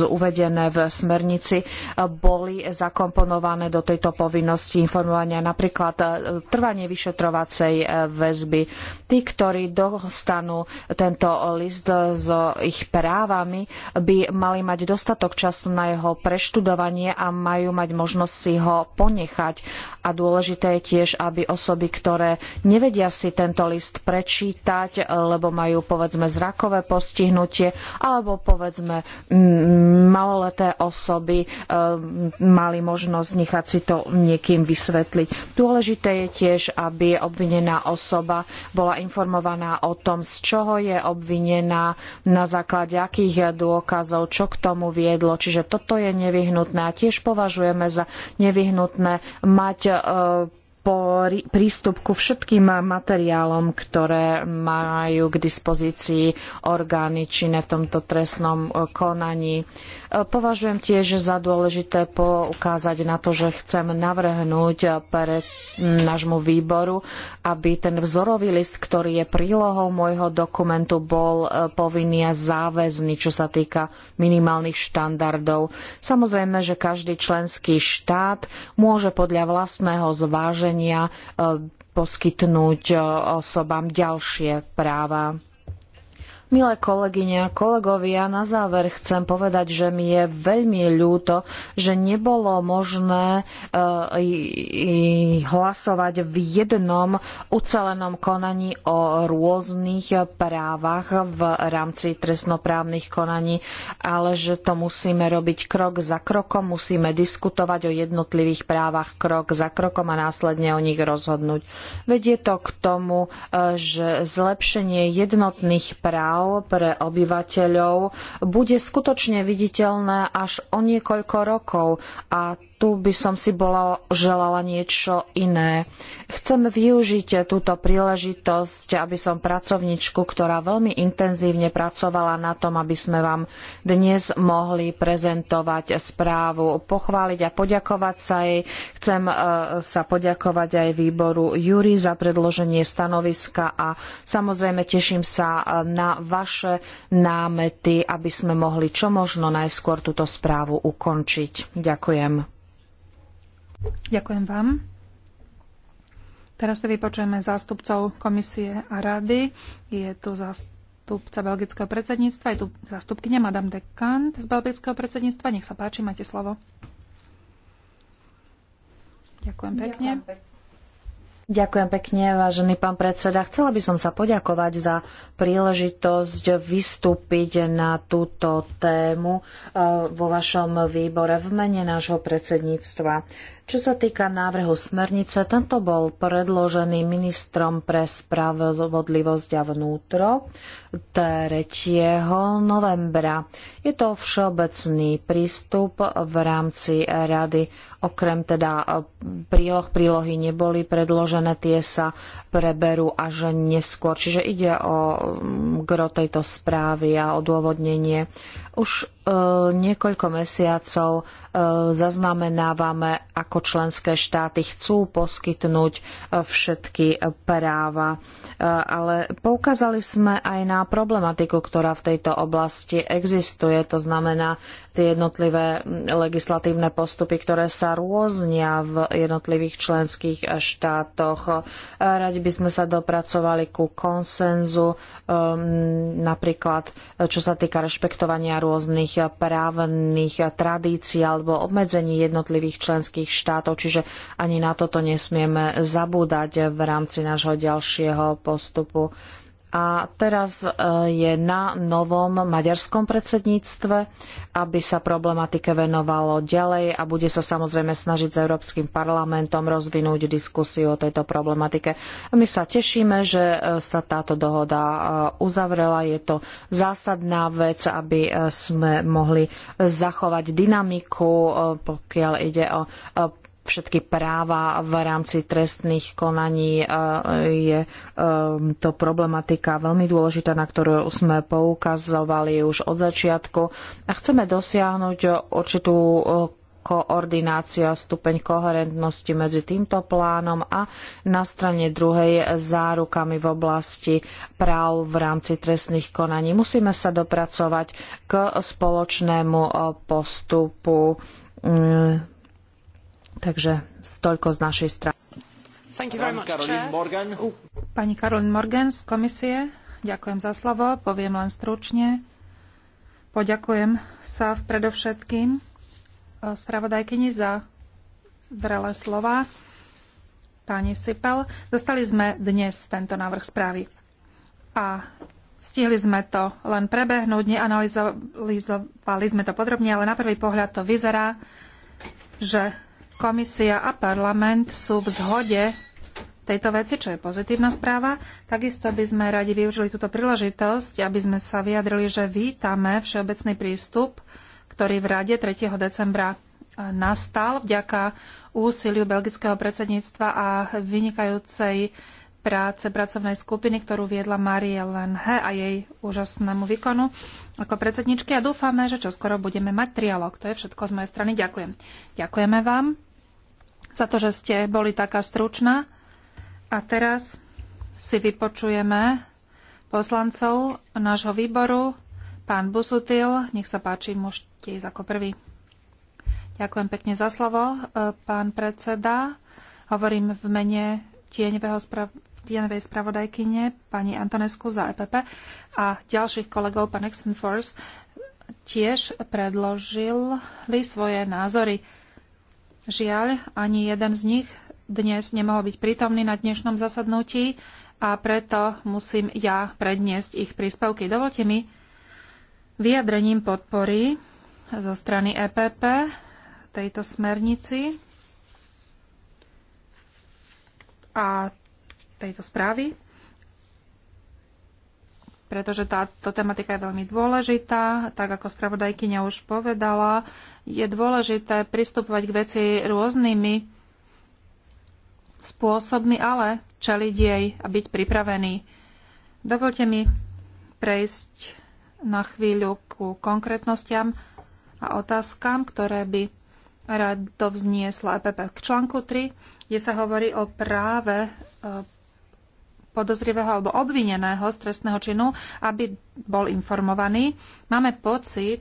uvedené v smernici, e, boli zakomponované do tejto povinnosti informovania. Napríklad e, trvanie vyšetrovacej e, väzby. Tí, ktorí dostanú tento list s ich právami, by mali mať dostatok času na jeho preštudovanie a majú mať možnosť si ho ponechať. A dôležité je tiež, aby osoby osoby, ktoré nevedia si tento list prečítať, lebo majú povedzme zrakové postihnutie, alebo povedzme maloleté osoby e, mali možnosť nechať si to niekým vysvetliť. Dôležité je tiež, aby obvinená osoba bola informovaná o tom, z čoho je obvinená, na základe akých dôkazov, čo k tomu viedlo. Čiže toto je nevyhnutné a tiež považujeme za nevyhnutné mať e, prístup ku všetkým materiálom, ktoré majú k dispozícii orgány činné v tomto trestnom e, konaní. E, považujem tiež za dôležité poukázať na to, že chcem navrhnúť pre nášmu výboru, aby ten vzorový list, ktorý je prílohou môjho dokumentu, bol e, povinný a záväzný, čo sa týka minimálnych štandardov. Samozrejme, že každý členský štát môže podľa vlastného zváženia riešenia eh, poskytnúť eh, osobám ďalšie práva. Milé kolegyne a kolegovia, na záver chcem povedať, že mi je veľmi ľúto, že nebolo možné eh, hlasovať v jednom ucelenom konaní o rôznych právach v rámci trestnoprávnych konaní, ale že to musíme robiť krok za krokom, musíme diskutovať o jednotlivých právach krok za krokom a následne o nich rozhodnúť. Vedie to k tomu, eh, že zlepšenie jednotných práv práv pre obyvateľov bude skutočne viditeľné až o niekoľko rokov a tu by som si bola želala niečo iné. Chcem využiť túto príležitosť, aby som pracovničku, ktorá veľmi intenzívne pracovala na tom, aby sme vám dnes mohli prezentovať správu, pochváliť a poďakovať sa jej. Chcem e, sa poďakovať aj výboru Júri za predloženie stanoviska a samozrejme teším sa e, na vaše námety, aby sme mohli čo možno najskôr túto správu ukončiť. Ďakujem. Ďakujem vám. Teraz si vypočujeme zástupcov komisie a rady. Je tu zástupca belgického predsedníctva, je tu zástupkynia Madame de Kant z belgického predsedníctva. Nech sa páči, máte slovo. Ďakujem pekne. Ďakujem pekne, vážený pán predseda. Chcela by som sa poďakovať za príležitosť vystúpiť na túto tému eh, vo vašom výbore v mene nášho predsedníctva. Čo sa týka návrhu smernice, tento bol predložený ministrom pre spravodlivosť a vnútro 3. novembra. Je to všeobecný prístup v rámci rady. Okrem teda e, príloh, prílohy neboli predložené, tie sa preberú až neskôr. Čiže ide o mm, gro tejto správy a odôvodnenie. Už e, niekoľko mesiacov e, zaznamenávame, ako členské štáty chcú poskytnúť všetky práva. Ale poukázali sme aj na problematiku, ktorá v tejto oblasti existuje. To znamená tie jednotlivé legislatívne postupy, ktoré sa rôznia v jednotlivých členských štátoch. Radi by sme sa dopracovali ku konsenzu, um, napríklad čo sa týka rešpektovania rôznych právnych tradícií alebo obmedzení jednotlivých členských štátov, čiže ani na toto nesmieme zabúdať v rámci nášho ďalšieho postupu. A teraz e, je na novom maďarskom predsedníctve, aby sa problematike venovalo ďalej a bude sa samozrejme snažiť s Európskym parlamentom rozvinúť diskusiu o tejto problematike. My sa tešíme, že e, sa táto dohoda e, uzavrela. Je to zásadná vec, aby sme mohli zachovať dynamiku, pokiaľ ide o všetky práva v rámci trestných konaní. E, je e, to problematika veľmi dôležitá, na ktorú sme poukazovali už od začiatku a chceme dosiahnuť určitú e, koordinácia, stupeň koherentnosti medzi týmto plánom a na strane druhej zárukami v oblasti práv v rámci trestných konaní. Musíme sa dopracovať k spoločnému postupu mm, Takže toľko z našej strany. Oh. Pani Karolín Morgan z komisie, ďakujem za slovo, poviem len stručne. Poďakujem sa predovšetkým e, spravodajkyni za vrelé slova. Pani Sipel, dostali sme dnes tento návrh správy. A stihli sme to len prebehnúť, neanalizovali sme to podrobne, ale na prvý pohľad to vyzerá, že komisia a parlament sú v zhode tejto veci, čo je pozitívna správa. Takisto by sme radi využili túto príležitosť, aby sme sa vyjadrili, že vítame všeobecný prístup, ktorý v Rade 3. decembra nastal vďaka úsiliu belgického predsedníctva a vynikajúcej práce pracovnej skupiny, ktorú viedla Marie Lenhe a jej úžasnému výkonu ako predsedničky a dúfame, že čoskoro budeme mať trialog. To je všetko z mojej strany. Ďakujem. Ďakujeme vám za to, že ste boli taká stručná. A teraz si vypočujeme poslancov nášho výboru. Pán Busutil, nech sa páči, môžete ísť ako prvý. Ďakujem pekne za slovo, e, pán predseda. Hovorím v mene tieňového sprav- tieňovej spravodajkyne pani Antonesku za EPP a ďalších kolegov, pán Exenforce, tiež predložili svoje názory Žiaľ, ani jeden z nich dnes nemohol byť prítomný na dnešnom zasadnutí a preto musím ja predniesť ich príspevky. Dovolte mi vyjadrením podpory zo strany EPP tejto smernici a tejto správy pretože táto tematika je veľmi dôležitá. Tak ako spravodajkyňa už povedala, je dôležité pristupovať k veci rôznymi spôsobmi, ale čeliť jej a byť pripravený. Dovolte mi prejsť na chvíľu ku konkrétnostiam a otázkam, ktoré by rado vzniesla EPP. K článku 3, kde sa hovorí o práve e, podozrivého alebo obvineného z trestného činu, aby bol informovaný. Máme pocit,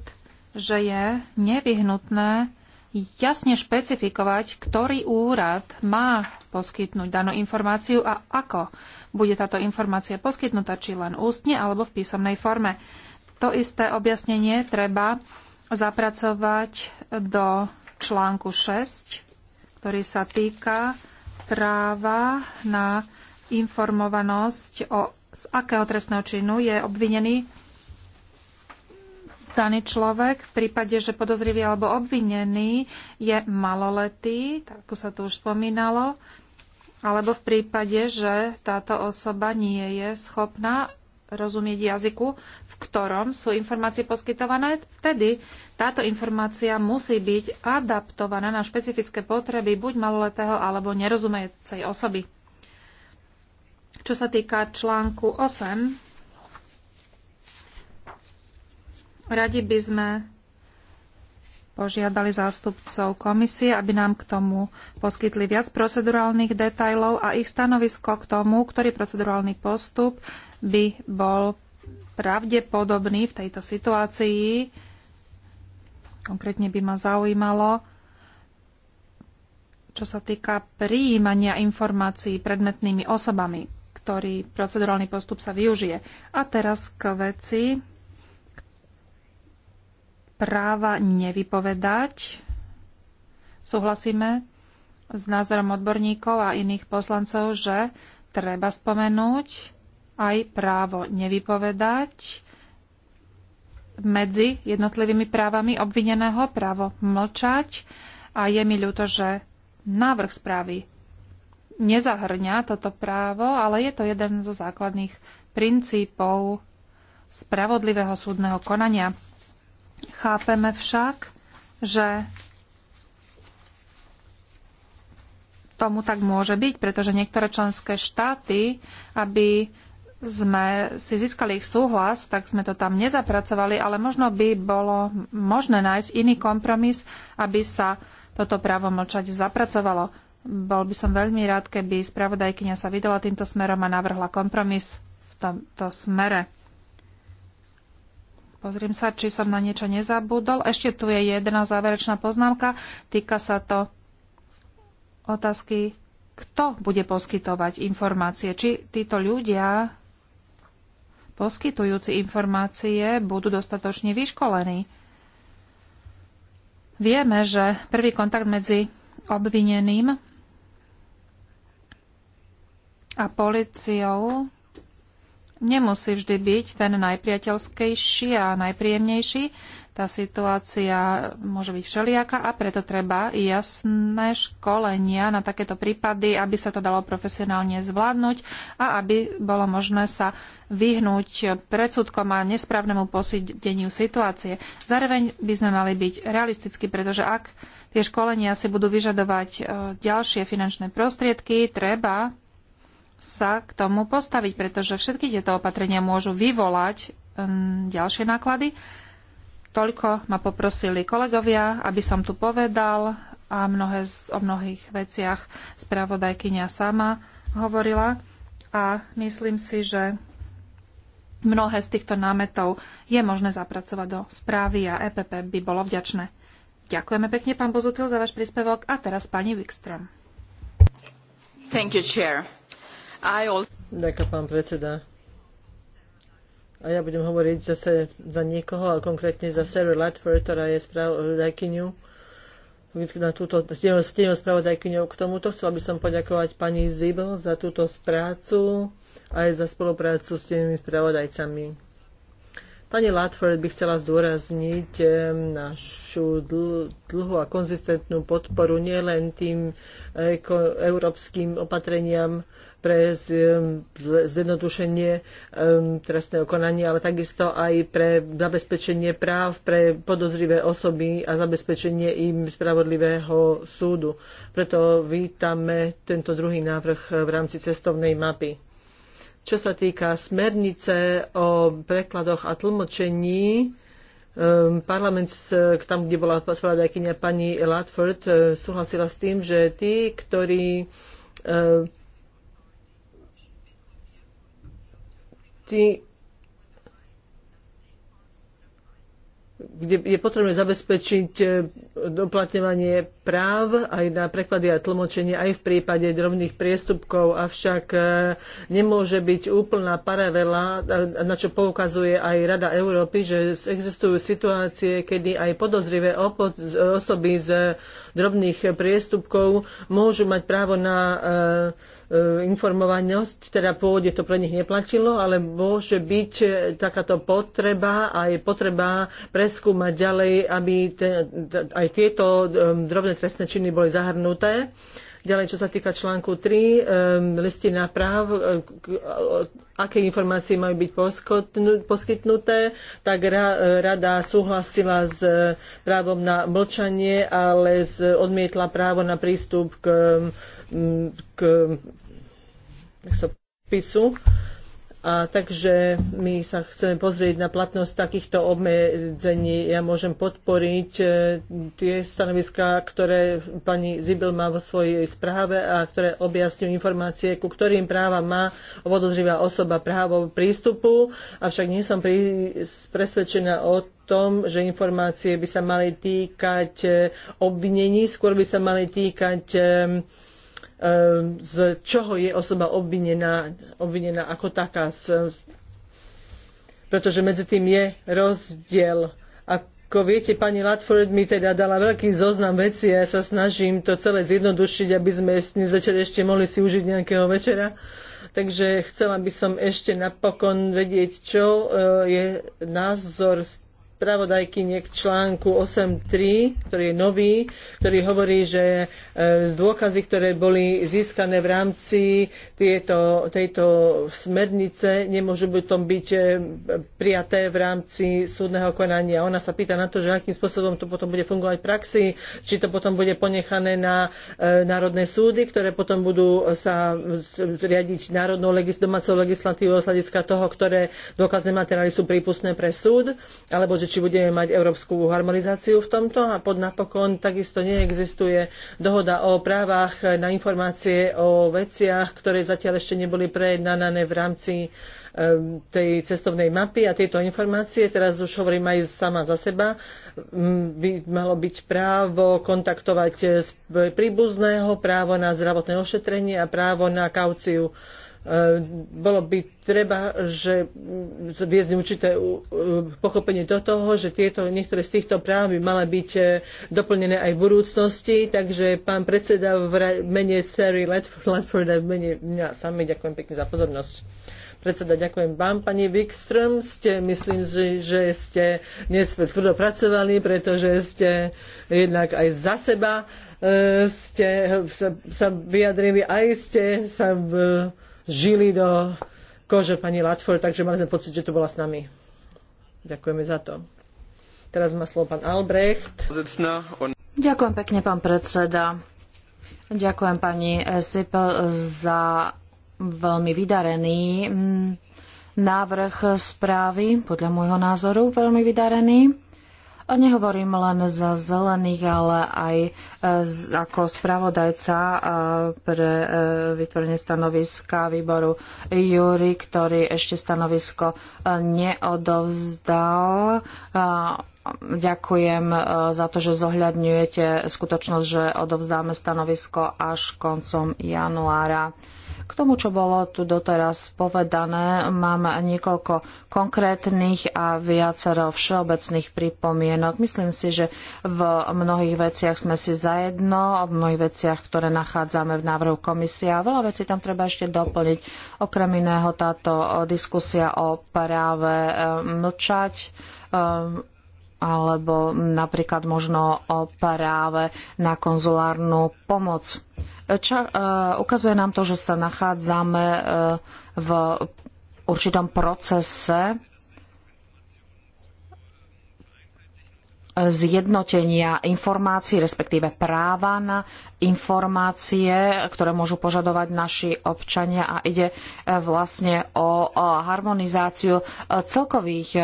že je nevyhnutné jasne špecifikovať, ktorý úrad má poskytnúť danú informáciu a ako bude táto informácia poskytnutá, či len ústne alebo v písomnej forme. To isté objasnenie treba zapracovať do článku 6, ktorý sa týka práva na informovanosť o z akého trestného činu je obvinený daný človek. V prípade, že podozrivý alebo obvinený je maloletý, ako sa tu už spomínalo, alebo v prípade, že táto osoba nie je schopná rozumieť jazyku, v ktorom sú informácie poskytované, vtedy táto informácia musí byť adaptovaná na špecifické potreby buď maloletého alebo nerozumejúcej osoby. Čo sa týka článku 8, radi by sme požiadali zástupcov komisie, aby nám k tomu poskytli viac procedurálnych detajlov a ich stanovisko k tomu, ktorý procedurálny postup by bol pravdepodobný v tejto situácii. Konkrétne by ma zaujímalo, čo sa týka prijímania informácií predmetnými osobami ktorý procedurálny postup sa využije. A teraz k veci práva nevypovedať. Súhlasíme s názorom odborníkov a iných poslancov, že treba spomenúť aj právo nevypovedať medzi jednotlivými právami obvineného právo mlčať a je mi ľúto, že návrh správy nezahrňa toto právo, ale je to jeden zo základných princípov spravodlivého súdneho konania. Chápeme však, že tomu tak môže byť, pretože niektoré členské štáty, aby sme si získali ich súhlas, tak sme to tam nezapracovali, ale možno by bolo možné nájsť iný kompromis, aby sa toto právo mlčať zapracovalo. Bol by som veľmi rád, keby spravodajkyňa sa vydala týmto smerom a navrhla kompromis v tomto smere. Pozriem sa, či som na niečo nezabudol. Ešte tu je jedna záverečná poznámka. Týka sa to otázky, kto bude poskytovať informácie. Či títo ľudia poskytujúci informácie budú dostatočne vyškolení. Vieme, že prvý kontakt medzi obvineným a policiou nemusí vždy byť ten najpriateľskejší a najpríjemnejší. Tá situácia môže byť všelijaká a preto treba jasné školenia na takéto prípady, aby sa to dalo profesionálne zvládnuť a aby bolo možné sa vyhnúť predsudkom a nesprávnemu posídeniu situácie. Zároveň by sme mali byť realistickí, pretože ak tie školenia si budú vyžadovať e, ďalšie finančné prostriedky, treba sa k tomu postaviť, pretože všetky tieto opatrenia môžu vyvolať mm, ďalšie náklady. Toľko ma poprosili kolegovia, aby som tu povedal a mnohé z, o mnohých veciach spravodajkynia sama hovorila a myslím si, že mnohé z týchto námetov je možné zapracovať do správy a EPP by bolo vďačné. Ďakujeme pekne, pán Bozutil, za váš príspevok a teraz pani Wikström. Thank you, Chair. Ďakujem, pán predseda. A ja budem hovoriť zase za niekoho, ale konkrétne za Sarah Latford, ktorá je spravodajkyňu na túto tieňovú spravodajkyňou k tomuto. Chcela by som poďakovať pani Zibel za túto prácu aj za spoluprácu s tými spravodajcami. Pani Latford by chcela zdôrazniť eh, našu dl dlhú a konzistentnú podporu nielen tým e európskym opatreniam, pre um, zjednodušenie um, trestného konania, ale takisto aj pre zabezpečenie práv pre podozrivé osoby a zabezpečenie im spravodlivého súdu. Preto vítame tento druhý návrh v rámci cestovnej mapy. Čo sa týka smernice o prekladoch a tlmočení, um, parlament, tam, kde bola spravodajkynia pani Latford, uh, súhlasila s tým, že tí, ktorí uh, oblasti, kde je potrebné zabezpečiť eh, doplatňovanie práv aj na preklady a tlmočenie aj v prípade drobných priestupkov, avšak e, nemôže byť úplná paralela, e, na čo poukazuje aj Rada Európy, že existujú situácie, kedy aj podozrivé osoby z drobných priestupkov môžu mať právo na e, informovanosť, teda pôvodne to pre nich neplatilo, ale môže byť takáto potreba aj potreba preskúmať ďalej, aby te, aj tieto drobné ktoré trestné činy boli zahrnuté. Ďalej, čo sa týka článku 3, ehm, listina práv, e, e, aké informácie majú byť poskytnuté, tak e, rada súhlasila s právom na mlčanie, ale odmietla právo na prístup k, k, k spisu. A takže my sa chceme pozrieť na platnosť takýchto obmedzení. Ja môžem podporiť e, tie stanoviská, ktoré pani Zibel má vo svojej správe a ktoré objasňujú informácie, ku ktorým práva má podozrivá osoba právo prístupu, avšak nie som presvedčená o tom, že informácie by sa mali týkať e, obvinení, skôr by sa mali týkať e, z čoho je osoba obvinená, obvinená ako taká. Z, pretože medzi tým je rozdiel. Ako viete, pani Latford mi teda dala veľký zoznam veci a ja sa snažím to celé zjednodušiť, aby sme dnes večer ešte mohli si užiť nejakého večera. Takže chcela by som ešte napokon vedieť, čo e, je názor spravodajkyne k článku 8.3, ktorý je nový, ktorý hovorí, že e, z dôkazy, ktoré boli získané v rámci tieto, tejto smernice, nemôžu potom tom byť e, prijaté v rámci súdneho konania. Ona sa pýta na to, že akým spôsobom to potom bude fungovať v praxi, či to potom bude ponechané na e, národné súdy, ktoré potom budú sa riadiť národnou legis- domácou legislatívou z hľadiska toho, ktoré dôkazné materiály sú prípustné pre súd, alebo že či budeme mať európsku harmonizáciu v tomto a pod napokon takisto neexistuje dohoda o právach na informácie o veciach, ktoré zatiaľ ešte neboli prejednané v rámci ehm, tej cestovnej mapy a tieto informácie, teraz už hovorím aj sama za seba, by malo byť právo kontaktovať e, príbuzného, právo na zdravotné ošetrenie a právo na kauciu E, bolo by treba, že mm, viesť určité pochopenie do toho, že tieto, niektoré z týchto práv by mala byť e, doplnené aj v budúcnosti. Takže pán predseda v mene Sary a v mene mňa sami ďakujem pekne za pozornosť. Predseda, ďakujem vám, pani Wikström. Ste, myslím, že, že ste dnes tvrdo pracovali, pretože ste jednak aj za seba e, ste sa, sa vyjadrili, aj ste sa v, žili do kože pani Latford, takže mali sme pocit, že to bola s nami. Ďakujeme za to. Teraz má slovo pán Albrecht. Ďakujem pekne, pán predseda. Ďakujem pani Sipel za veľmi vydarený mm, návrh správy, podľa môjho názoru veľmi vydarený. A nehovorím len za zelených, ale aj e, ako spravodajca e, pre e, vytvorenie stanoviska výboru Júri, ktorý ešte stanovisko neodovzdal. Ďakujem za to, že zohľadňujete skutočnosť, že odovzdáme stanovisko až koncom januára. K tomu, čo bolo tu doteraz povedané, mám niekoľko konkrétnych a viacero všeobecných pripomienok. Myslím si, že v mnohých veciach sme si zajedno, v mnohých veciach, ktoré nachádzame v návrhu komisia. Veľa vecí tam treba ešte doplniť. Okrem iného táto diskusia o práve eh, mlčať eh, alebo napríklad možno o práve na konzulárnu pomoc. Ča, e, ukazuje nám to, že sa nachádzame e, v určitom procese, zjednotenia informácií, respektíve práva na informácie, ktoré môžu požadovať naši občania a ide e, vlastne o harmonizáciu e, celkových e,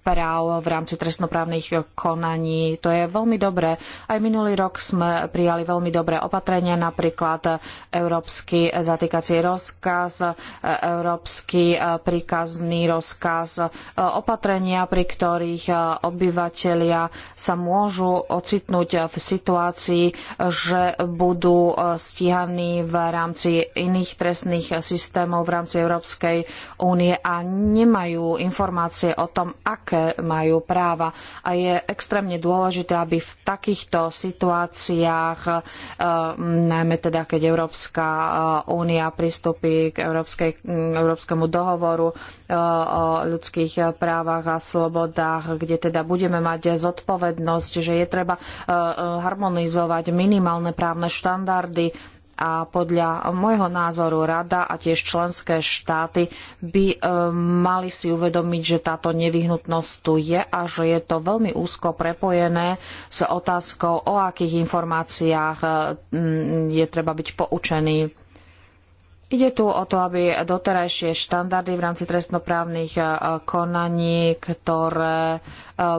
práv v rámci trestnoprávnych konaní. To je veľmi dobré. Aj minulý rok sme prijali veľmi dobré opatrenia, napríklad európsky zatýkací rozkaz, európsky príkazný rozkaz, opatrenia, pri ktorých obyvateľ obyvatelia sa môžu ocitnúť v situácii, že budú e, stíhaní v rámci iných trestných systémov v rámci Európskej únie a nemajú informácie o tom, aké majú práva. A je extrémne dôležité, aby v takýchto situáciách, e, najmä teda keď Európska e, únia pristúpi k Európskej, Európskemu dohovoru o ľudských právach a slobodách, kde teda bude budeme mať zodpovednosť, že je treba e, e, harmonizovať minimálne právne štandardy a podľa môjho názoru rada a tiež členské štáty by e, mali si uvedomiť, že táto nevyhnutnosť tu je a že je to veľmi úzko prepojené s otázkou, o akých informáciách je treba byť poučený Ide tu o to, aby doterajšie štandardy v rámci trestnoprávnych e, konaní, ktoré e,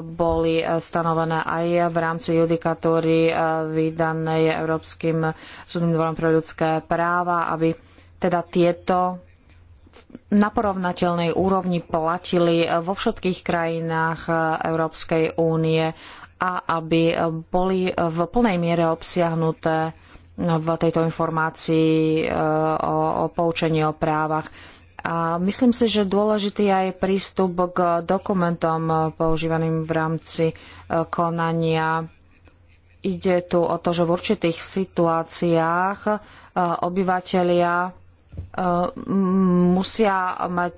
boli e, stanovené aj v rámci judikatúry vydanej Európskym súdnym dvorom pre ľudské práva, aby teda tieto na porovnateľnej úrovni platili vo všetkých krajinách Európskej únie a aby boli v plnej miere obsiahnuté No, v tejto informácii e, o, o poučení o právach. A myslím si, že dôležitý aj prístup k dokumentom používaným v rámci e, konania. Ide tu o to, že v určitých situáciách e, obyvateľia musia mať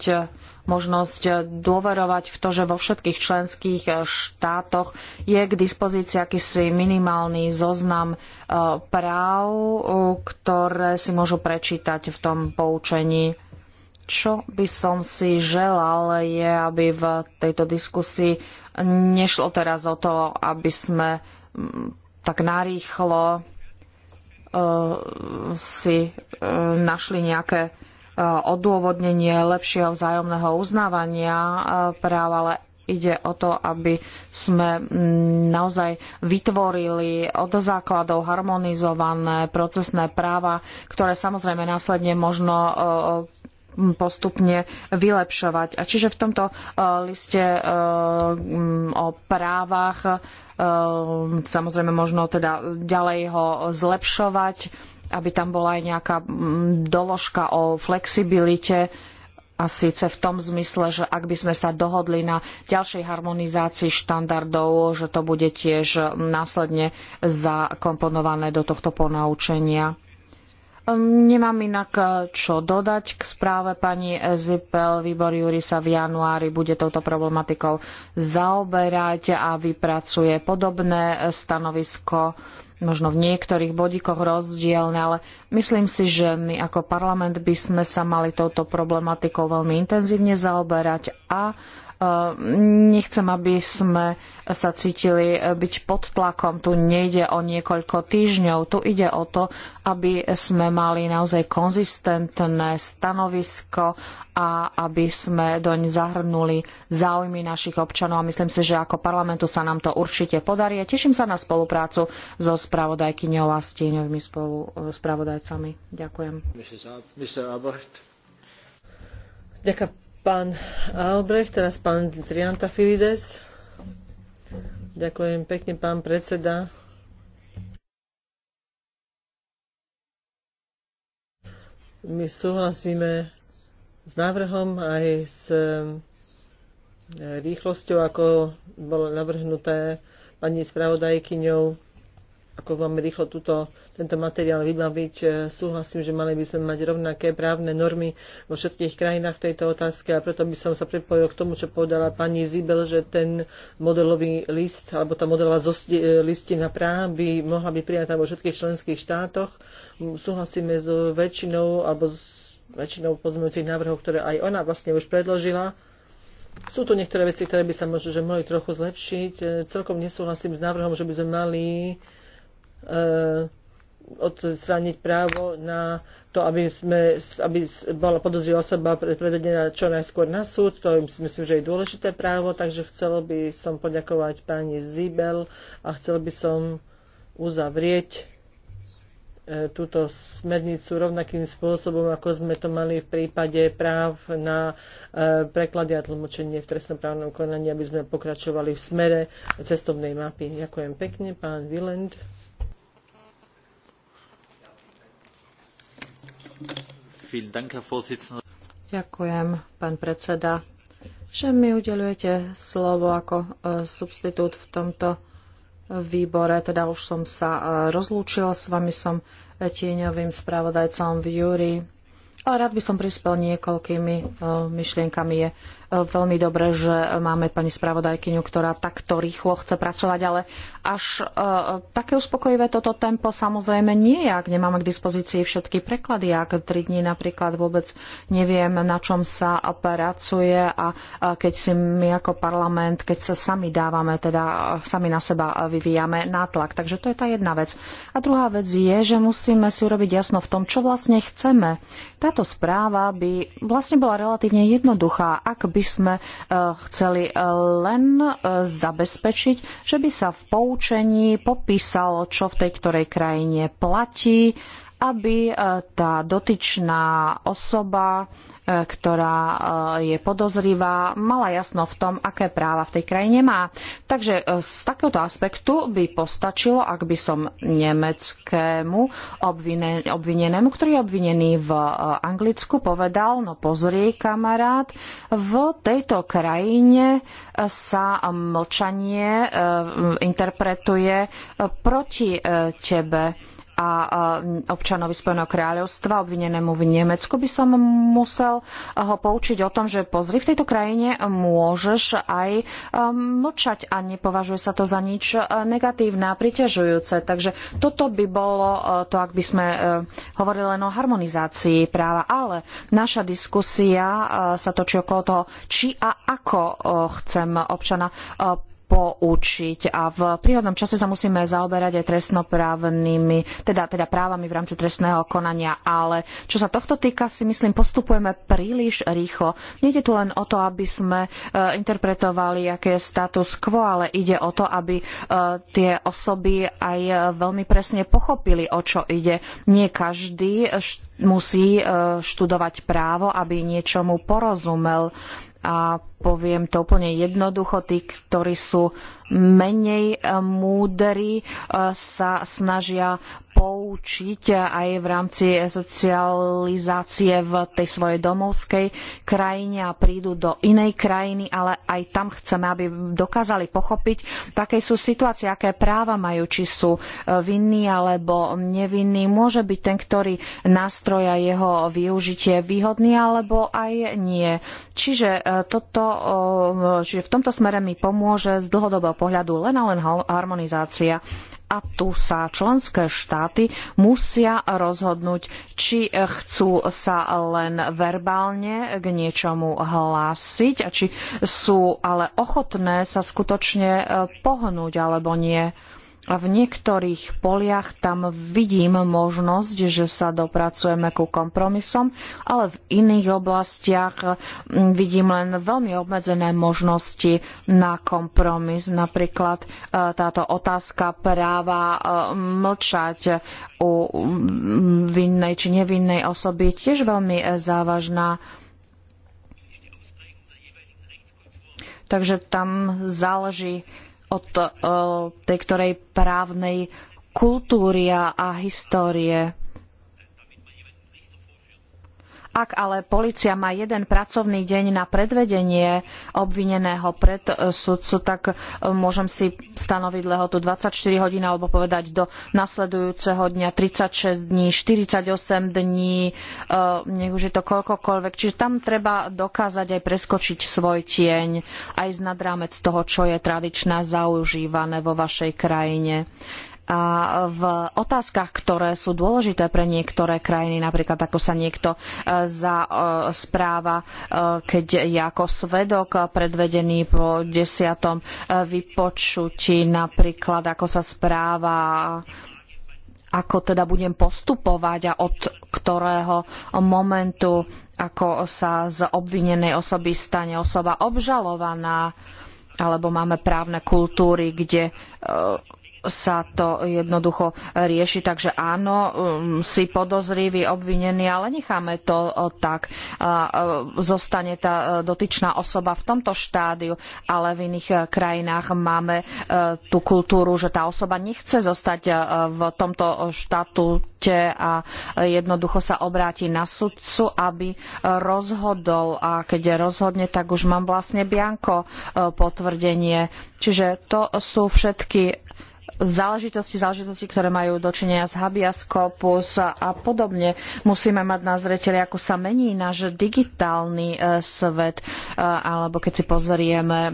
možnosť dôverovať v to, že vo všetkých členských štátoch je k dispozícii akýsi minimálny zoznam e, práv, e, ktoré si môžu prečítať v tom poučení. Čo by som si želal je, aby v tejto diskusii nešlo teraz o to, aby sme tak narýchlo e, si našli nejaké Eh, odôvodnenie lepšieho vzájomného uznávania eh, práv, ale ide o to, aby sme mm, naozaj vytvorili od základov harmonizované procesné práva, ktoré samozrejme následne možno eh, postupne vylepšovať. A čiže v tomto liste mm, o právach samozrejme možno teda ďalej ho zlepšovať aby tam bola aj nejaká mm, doložka o flexibilite a síce v tom zmysle, že ak by sme sa dohodli na ďalšej harmonizácii štandardov, že to bude tiež následne zakomponované do tohto ponaučenia. Ehm, nemám inak eh, čo dodať k správe pani Zipel. Výbor Júri sa v januári bude touto problematikou zaoberať a vypracuje podobné eh, stanovisko možno v niektorých bodíkoch rozdielne, ale myslím si, že my ako parlament by sme sa mali touto problematikou veľmi intenzívne zaoberať a Nechcem, aby sme sa cítili eh, byť pod tlakom. Tu nejde o niekoľko týždňov. Tu ide o to, aby sme mali naozaj konzistentné stanovisko a aby sme doň zahrnuli záujmy našich občanov. A myslím si, že ako parlamentu sa nám to určite podarí. A teším sa na spoluprácu so spravodajkyňou a stieňovými spolu eh, spravodajcami. Ďakujem. Ďakujem pán Albrecht, teraz pán Trianta Filides. Ďakujem pekne, pán predseda. My súhlasíme s návrhom aj s e, rýchlosťou, ako bolo navrhnuté pani spravodajkyňou, ako máme rýchlo túto tento materiál vybaviť. E, súhlasím, že mali by sme mať rovnaké právne normy vo všetkých krajinách v tejto otázke a preto by som sa pripojil k tomu, čo povedala pani Zibel, že ten modelový list alebo tá modelová e, listina práv by mohla byť prijatá vo všetkých členských štátoch. Súhlasíme s väčšinou alebo s väčšinou pozmeňujúcich návrhov, ktoré aj ona vlastne už predložila. Sú tu niektoré veci, ktoré by sa možno, že mohli trochu zlepšiť. E, celkom nesúhlasím s návrhom, že by sme mali e, odstrániť právo na to, aby, sme, aby bola podozrivá osoba prevedená čo najskôr na súd. To myslím, že je dôležité právo, takže chcel by som poďakovať pani Zibel a chcel by som uzavrieť e, túto smernicu rovnakým spôsobom, ako sme to mali v prípade práv na e, preklady a tlmočenie v trestnoprávnom konaní, aby sme pokračovali v smere cestovnej mapy. Ďakujem pekne, pán Willend. Ďakujem, pán predseda, že mi udelujete slovo ako e, substitút v tomto výbore. Teda už som sa e, rozlúčila s vami, som tieňovým spravodajcom v Júri. Ale rád by som prispel niekoľkými e, myšlienkami. Je veľmi dobre, že máme pani spravodajkyňu, ktorá takto rýchlo chce pracovať, ale až e, také uspokojivé toto tempo samozrejme nie je, ak nemáme k dispozícii všetky preklady, ak tri dní napríklad vôbec neviem, na čom sa pracuje a e, keď si my ako parlament, keď sa sami dávame, teda e, sami na seba vyvíjame nátlak. Takže to je tá jedna vec. A druhá vec je, že musíme si urobiť jasno v tom, čo vlastne chceme. Táto správa by vlastne bola relatívne jednoduchá, ak by sme eh, chceli eh, len eh, zabezpečiť, že by sa v poučení popísalo, čo v tej ktorej krajine platí, aby tá dotyčná osoba E, ktorá e, je podozrivá, mala jasno v tom, aké práva v tej krajine má. Takže e, z takéhoto aspektu by postačilo, ak by som nemeckému obvinenému, ktorý je obvinený v Anglicku, povedal, no pozri kamarát, v tejto krajine sa mlčanie interpretuje proti tebe a občanovi Spojeného kráľovstva, obvinenému v Nemecku, by som musel eh, ho poučiť o tom, že pozri, v tejto krajine môžeš aj eh, mlčať a nepovažuje sa to za nič eh, negatívne a priťažujúce. Takže toto by bolo to, ak by sme hovorili len o harmonizácii práva. Ale naša diskusia sa točí okolo toho, či a ako chcem občana poučiť a v prírodnom čase sa musíme zaoberať aj trestnoprávnymi, teda, teda právami v rámci trestného konania, ale čo sa tohto týka, si myslím, postupujeme príliš rýchlo. Nejde tu len o to, aby sme e, interpretovali, aké je status quo, ale ide o to, aby e, tie osoby aj e, veľmi presne pochopili, o čo ide. Nie každý musí študovať právo, aby niečomu porozumel a poviem to úplne jednoducho, tí, ktorí sú menej eh, múdri, eh, sa snažia poučiť aj v rámci socializácie v tej svojej domovskej krajine a prídu do inej krajiny, ale aj tam chceme, aby dokázali pochopiť, v akej sú situácie, aké práva majú, či sú e, vinní alebo nevinní. Môže byť ten, ktorý nástroj a jeho využitie výhodný alebo aj nie. Čiže, e, toto, čiže v tomto smere mi pomôže z dlhodobého pohľadu len a len harmonizácia a tu sa členské štáty musia rozhodnúť, či chcú sa len verbálne k niečomu hlásiť a či sú ale ochotné sa skutočne eh, pohnúť alebo nie. A v niektorých poliach tam vidím možnosť, že sa dopracujeme ku kompromisom, ale v iných oblastiach mm, vidím len veľmi obmedzené možnosti na kompromis. Napríklad e, táto otázka práva e, mlčať u mm, vinnej či nevinnej osoby je tiež veľmi e, závažná. Takže tam záleží od eh, tej ktorej právnej kultúry a histórie. Ak ale polícia má jeden pracovný deň na predvedenie obvineného pred e, sudcu, tak e, môžem si stanoviť lehotu 24 hodín alebo povedať do nasledujúceho dňa 36 dní, 48 dní, e, nech už je to koľkokoľvek. Čiže tam treba dokázať aj preskočiť svoj tieň aj z nad rámec toho, čo je tradičné zaužívané vo vašej krajine a v otázkach, ktoré sú dôležité pre niektoré krajiny, napríklad ako sa niekto e, za e, správa, e, keď je ako svedok predvedený po desiatom vypočutí, napríklad ako sa správa ako teda budem postupovať a od ktorého momentu, ako sa z obvinenej osoby stane osoba obžalovaná, alebo máme právne kultúry, kde sa to jednoducho rieši. Takže áno, um, si podozrivý, obvinený, ale necháme to tak. E, zostane tá e, dotyčná osoba v tomto štádiu, ale v iných e, krajinách máme tú kultúru, že tá osoba nechce zostať v tomto štatúte a jednoducho sa obráti na sudcu, aby rozhodol a keď rozhodne, tak už mám vlastne bianko potvrdenie. Čiže to sú všetky záležitosti, záležitosti, ktoré majú dočinenia s habeas corpus a podobne. Musíme mať na zreteli, ako sa mení náš digitálny e, svet, e, alebo keď si pozrieme e,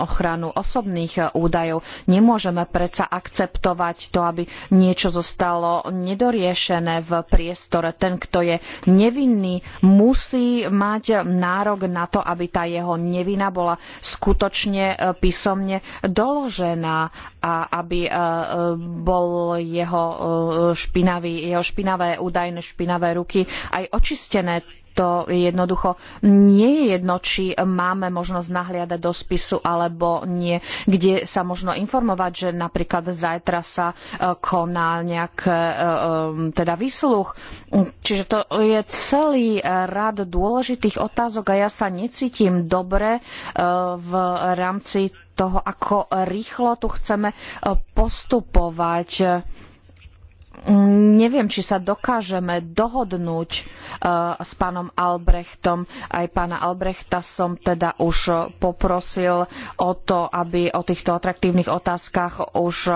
ochranu osobných údajov. Nemôžeme predsa akceptovať to, aby niečo zostalo nedoriešené v priestore. Ten, kto je nevinný, musí mať nárok na to, aby tá jeho nevina bola skutočne písomne doložená a aby e, e, bol jeho, e, špinavý, jeho špinavé, údajné špinavé ruky aj očistené to jednoducho nie je jedno, či máme možnosť nahliadať do spisu alebo nie, kde sa možno informovať, že napríklad zajtra sa e, koná nejak e, e, teda vysluch. Čiže to je celý rad dôležitých otázok a ja sa necítim dobre v rámci toho, ako rýchlo tu chceme postupovať neviem, či sa dokážeme dohodnúť e, s pánom Albrechtom. Aj pána Albrechta som teda už poprosil o to, aby o týchto atraktívnych otázkach už e,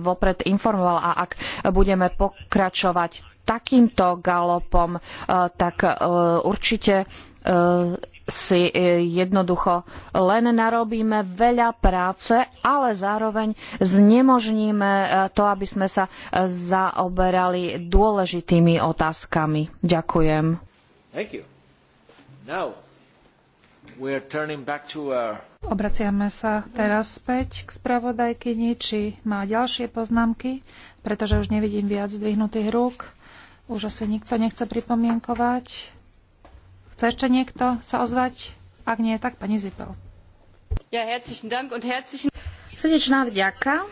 vopred informoval a ak budeme pokračovať takýmto galopom, e, tak určite si e, jednoducho len narobíme veľa práce, ale zároveň znemožníme e, to, aby sme sa e, zaoberali dôležitými otázkami. Ďakujem. Our... Obraciame sa teraz späť k spravodajkyni, či má ďalšie poznámky, pretože už nevidím viac zdvihnutých rúk. Už asi nikto nechce pripomienkovať. Chce ešte niekto sa ozvať? Ak nie, tak pani Zipel. Ja, herzlichen Dank und herzlichen... Srdečná vďaka.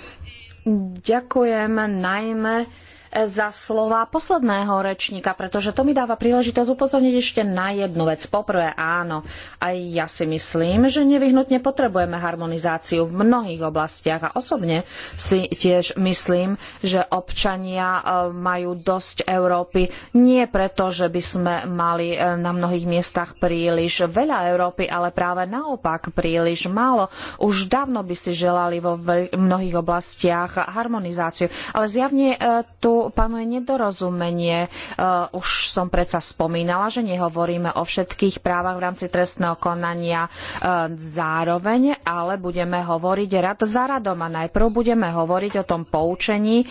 Ďakujem najmä za slova posledného rečníka, pretože to mi dáva príležitosť upozorniť ešte na jednu vec. Poprvé, áno, aj ja si myslím, že nevyhnutne potrebujeme harmonizáciu v mnohých oblastiach a osobne si tiež myslím, že občania e, majú dosť Európy nie preto, že by sme mali e, na mnohých miestach príliš veľa Európy, ale práve naopak príliš málo. Už dávno by si želali vo mnohých oblastiach harmonizáciu, ale zjavne e, tu panuje nedorozumenie. E, už som predsa spomínala, že nehovoríme o všetkých právach v rámci trestného konania e, zároveň, ale budeme hovoriť rad za radom a najprv budeme hovoriť o tom poučení e,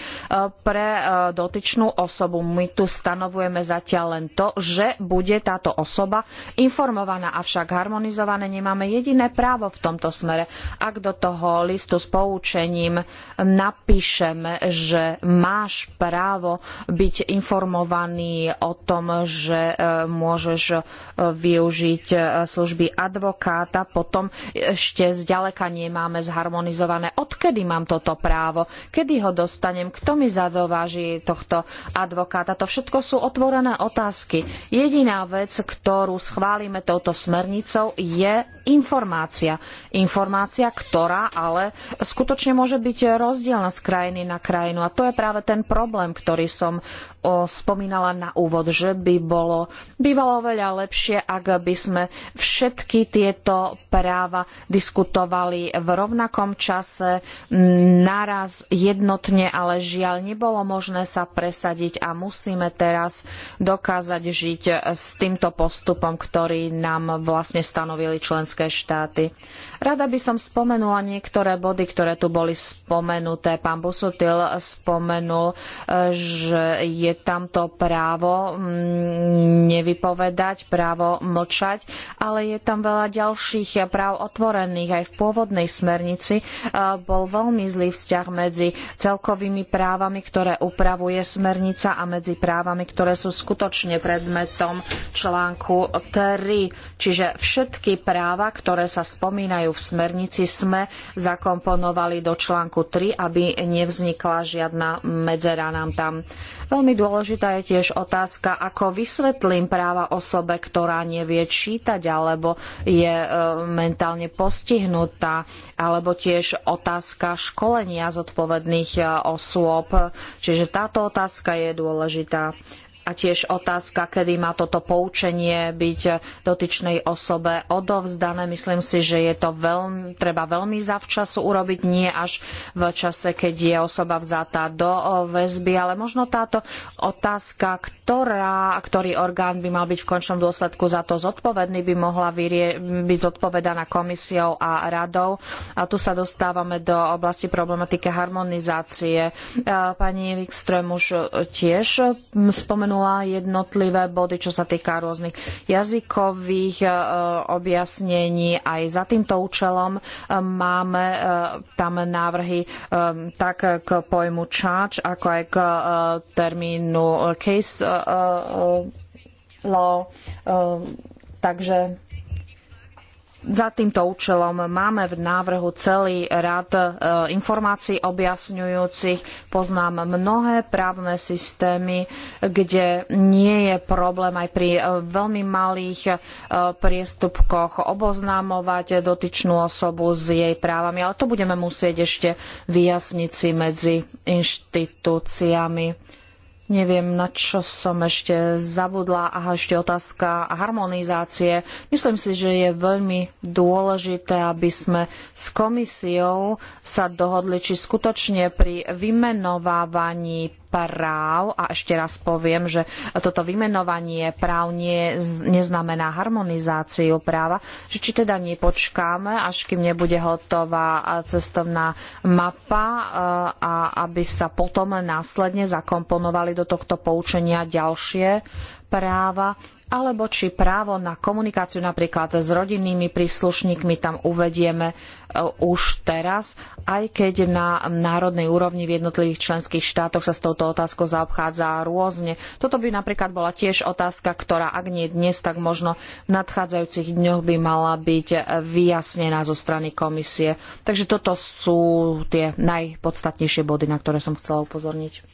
pre dotyčnú osobu. My tu stanovujeme zatiaľ len to, že bude táto osoba informovaná, avšak harmonizované nemáme jediné právo v tomto smere. Ak do toho listu s poučením napíšeme, že máš právo, právo byť informovaný o tom, že e, môžeš e, využiť e, služby advokáta. Potom ešte zďaleka nemáme zharmonizované, odkedy mám toto právo, kedy ho dostanem, kto mi zadováži tohto advokáta. To všetko sú otvorené otázky. Jediná vec, ktorú schválime touto smernicou, je informácia. Informácia, ktorá ale skutočne môže byť rozdielna z krajiny na krajinu. A to je práve ten problém, problém, ktorý som spomínala na úvod, že by bolo bývalo veľa lepšie, ak by sme všetky tieto práva diskutovali v rovnakom čase, naraz jednotne, ale žiaľ nebolo možné sa presadiť a musíme teraz dokázať žiť s týmto postupom, ktorý nám vlastne stanovili členské štáty. Rada by som spomenula niektoré body, ktoré tu boli spomenuté. Pán Busutil spomenul že je tamto právo mm, nevypovedať, právo mlčať, ale je tam veľa ďalších práv otvorených. Aj v pôvodnej smernici e, bol veľmi zlý vzťah medzi celkovými právami, ktoré upravuje smernica a medzi právami, ktoré sú skutočne predmetom článku 3. Čiže všetky práva, ktoré sa spomínajú v smernici, sme zakomponovali do článku 3, aby nevznikla žiadna medzera nám tam. Veľmi dôležitá je tiež otázka, ako vysvetlím práva osobe, ktorá nevie čítať alebo je e, mentálne postihnutá, alebo tiež otázka školenia zodpovedných e, osôb. Čiže táto otázka je dôležitá a tiež otázka, kedy má toto poučenie byť dotyčnej osobe odovzdané. Myslím si, že je to veľmi, treba veľmi zavčasu urobiť, nie až v čase, keď je osoba vzatá do väzby, ale možno táto otázka, ktorá, ktorý orgán by mal byť v končnom dôsledku za to zodpovedný, by mohla vyrie, byť zodpovedaná komisiou a radou. A tu sa dostávame do oblasti problematiky harmonizácie. E, pani Wikström už tiež spomenula jednotlivé body, čo sa týka rôznych jazykových e, objasnení. Aj za týmto účelom e, máme tam návrhy tak k pojmu charge, ako aj k termínu case Eh, eh, lo. Eh, takže za týmto účelom máme v návrhu celý rad informácií objasňujúcich. Poznám mnohé právne systémy, kde nie je problém aj pri veľmi malých priestupkoch oboznámovať dotyčnú osobu s jej právami, ale to budeme musieť ešte vyjasniť si medzi inštitúciami Neviem, na čo som ešte zabudla. a ešte otázka harmonizácie. Myslím si, že je veľmi dôležité, aby sme s komisiou sa dohodli, či skutočne pri vymenovávaní práv a ešte raz poviem, že toto vymenovanie práv nie, neznamená harmonizáciu práva, že či teda nepočkáme, až kým nebude hotová cestovná mapa eh, a aby sa potom následne zakomponovali do tohto poučenia ďalšie práva alebo či právo na komunikáciu napríklad s rodinnými príslušníkmi tam uvedieme E, už teraz, aj keď na národnej úrovni v jednotlivých členských štátoch sa s touto otázkou zaobchádza rôzne. Toto by napríklad bola tiež otázka, ktorá ak nie dnes, tak možno v nadchádzajúcich dňoch by mala byť vyjasnená zo strany komisie. Takže toto sú tie najpodstatnejšie body, na ktoré som chcela upozorniť.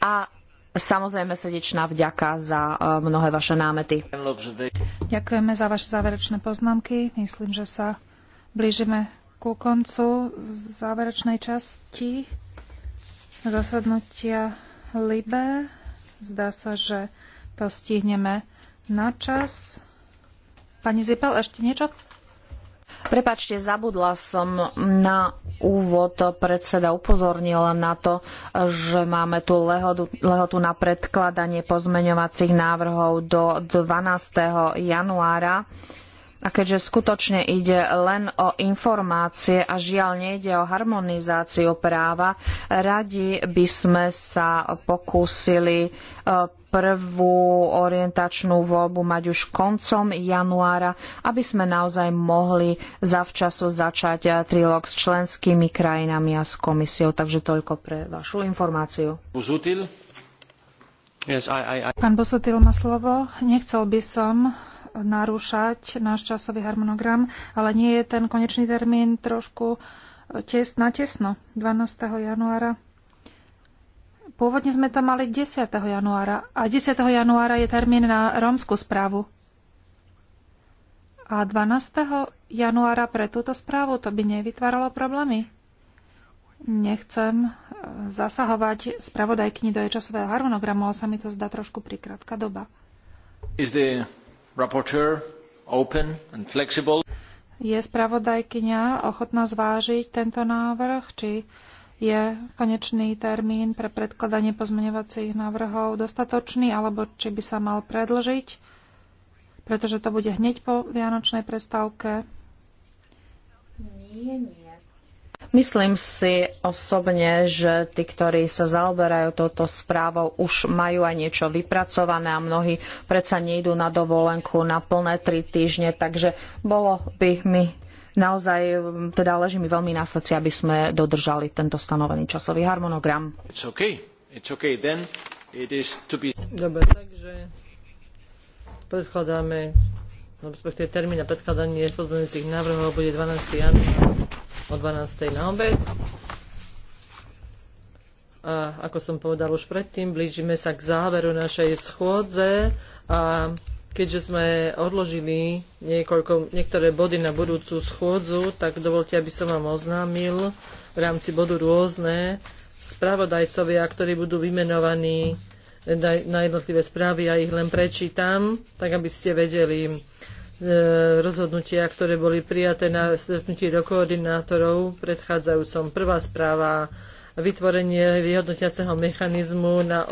A Samozrejme srdečná vďaka za e, mnohé vaše námety. Ďakujeme za vaše záverečné poznámky. Myslím, že sa blížime ku koncu záverečnej časti zasadnutia Libe. Zdá sa, že to stihneme na čas. Pani Zipel, ešte niečo? Prepačte, zabudla som na úvod. Predseda upozornil na to, že máme tu lehodu, lehotu na predkladanie pozmeňovacích návrhov do 12. januára. A keďže skutočne ide len o informácie a žiaľ nejde o harmonizáciu práva, radi by sme sa pokúsili e, prvú orientačnú voľbu mať už koncom januára, aby sme naozaj mohli zavčasu začať e, trilog s členskými krajinami a s komisiou. Takže toľko pre vašu informáciu. Pán Bosutil má slovo. Nechcel by som narúšať náš časový harmonogram, ale nie je ten konečný termín trošku eh, tes, tesno. 12. januára. Pôvodne sme tam mali 10. januára a 10. januára je termín na rómsku správu. A 12. januára pre túto správu to by nevytváralo problémy. Nechcem eh, zasahovať spravodajkyni do jej časového harmonogramu, ale sa mi to zdá trošku prikrátka doba. Is there je spravodajkyňa ochotná zvážiť tento návrh, či je konečný termín pre predkladanie pozmeňovacích návrhov dostatočný, alebo či by sa mal predlžiť, pretože to bude hneď po vianočnej prestávke. Nie, nie. Myslím si osobne, že tí, ktorí sa zaoberajú touto správou, už majú aj niečo vypracované a mnohí predsa nejdú na dovolenku na plné tri týždne, takže bolo by mi naozaj, teda leží mi veľmi na srdci, aby sme dodržali tento stanovený časový harmonogram. It's okay. It's okay. Then it is to be... Dobre, takže predkladáme, no, respektíve termín na predkladanie pozmeňujúcich návrhov bude 12. január o 12. na obed. A ako som povedal už predtým, blížime sa k záveru našej schôdze a keďže sme odložili niekoľko, niektoré body na budúcu schôdzu, tak dovolte, aby som vám oznámil v rámci bodu rôzne spravodajcovia, ktorí budú vymenovaní na jednotlivé správy. Ja ich len prečítam, tak aby ste vedeli. E, rozhodnutia, ktoré boli prijaté na stretnutí do koordinátorov predchádzajúcom. Prvá správa vytvorenie vyhodnotiaceho mechanizmu na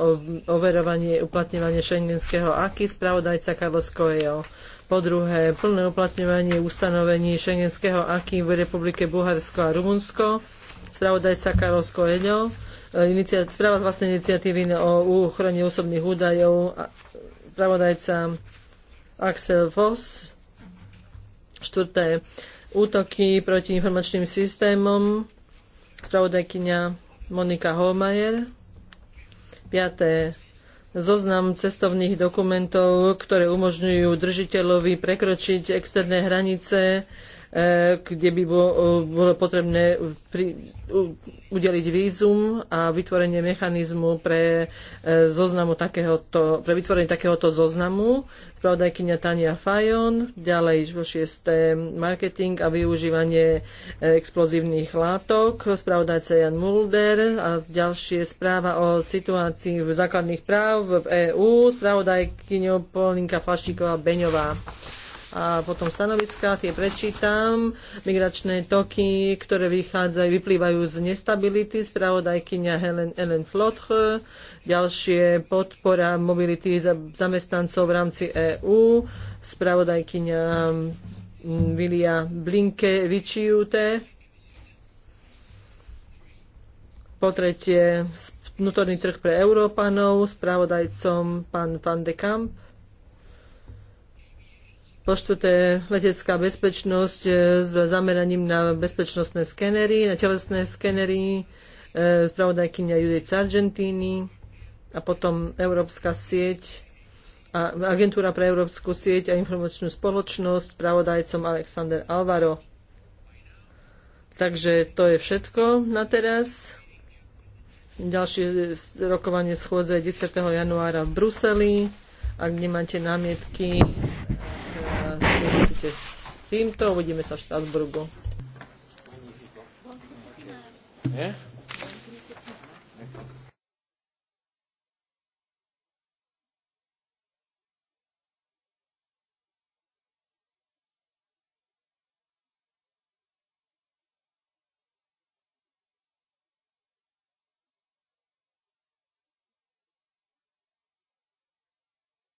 overovanie uplatňovanie šengenského aký spravodajca Carlos Coelho. Po druhé, plné uplatňovanie ustanovení šengenského aký v Republike Bulharsko a Rumunsko spravodajca Carlos Coelho. E, inicia- správa vlastnej iniciatívy o ochrane osobných údajov spravodajca Axel Voss Štvrté, útoky proti informačným systémom. Spravodajkyňa Monika Holmajer. Piaté, zoznam cestovných dokumentov, ktoré umožňujú držiteľovi prekročiť externé hranice Eh, kde by bolo eh, potrebné udeliť vízum a vytvorenie mechanizmu pre eh, zoznamu takéhoto, pre vytvorenie takéhoto zoznamu. Spravodajkynia Tania Fajon, ďalej vo šiesté marketing a využívanie explozívnych látok, spravodajca Jan Mulder a ďalšie správa o situácii v základných práv v EÚ, spravodajkyňou Polinka Flašíková Beňová a potom stanoviská, tie prečítam. Migračné toky, ktoré vychádzajú, vyplývajú z nestability, spravodajkyňa Helen, Ellen Flotch, ďalšie podpora mobility za zamestnancov v rámci EÚ, spravodajkyňa mm, Vilia Blinke Vičiute, po tretie vnútorný trh pre Európanov, spravodajcom pán Van de Kamp, po štvrté, letecká bezpečnosť e, s zameraním na bezpečnostné skenery, na telesné skenery, e, spravodajkynia Judith Argentíny a potom Európska sieť a Agentúra pre Európsku sieť a informačnú spoločnosť, spravodajcom Alexander Alvaro. Takže to je všetko na teraz. Ďalšie rokovanie schôdze 10. januára v Bruseli. Ak nemáte námietky, súvisíte s týmto. Uvidíme sa v Štrasburgu. Yeah?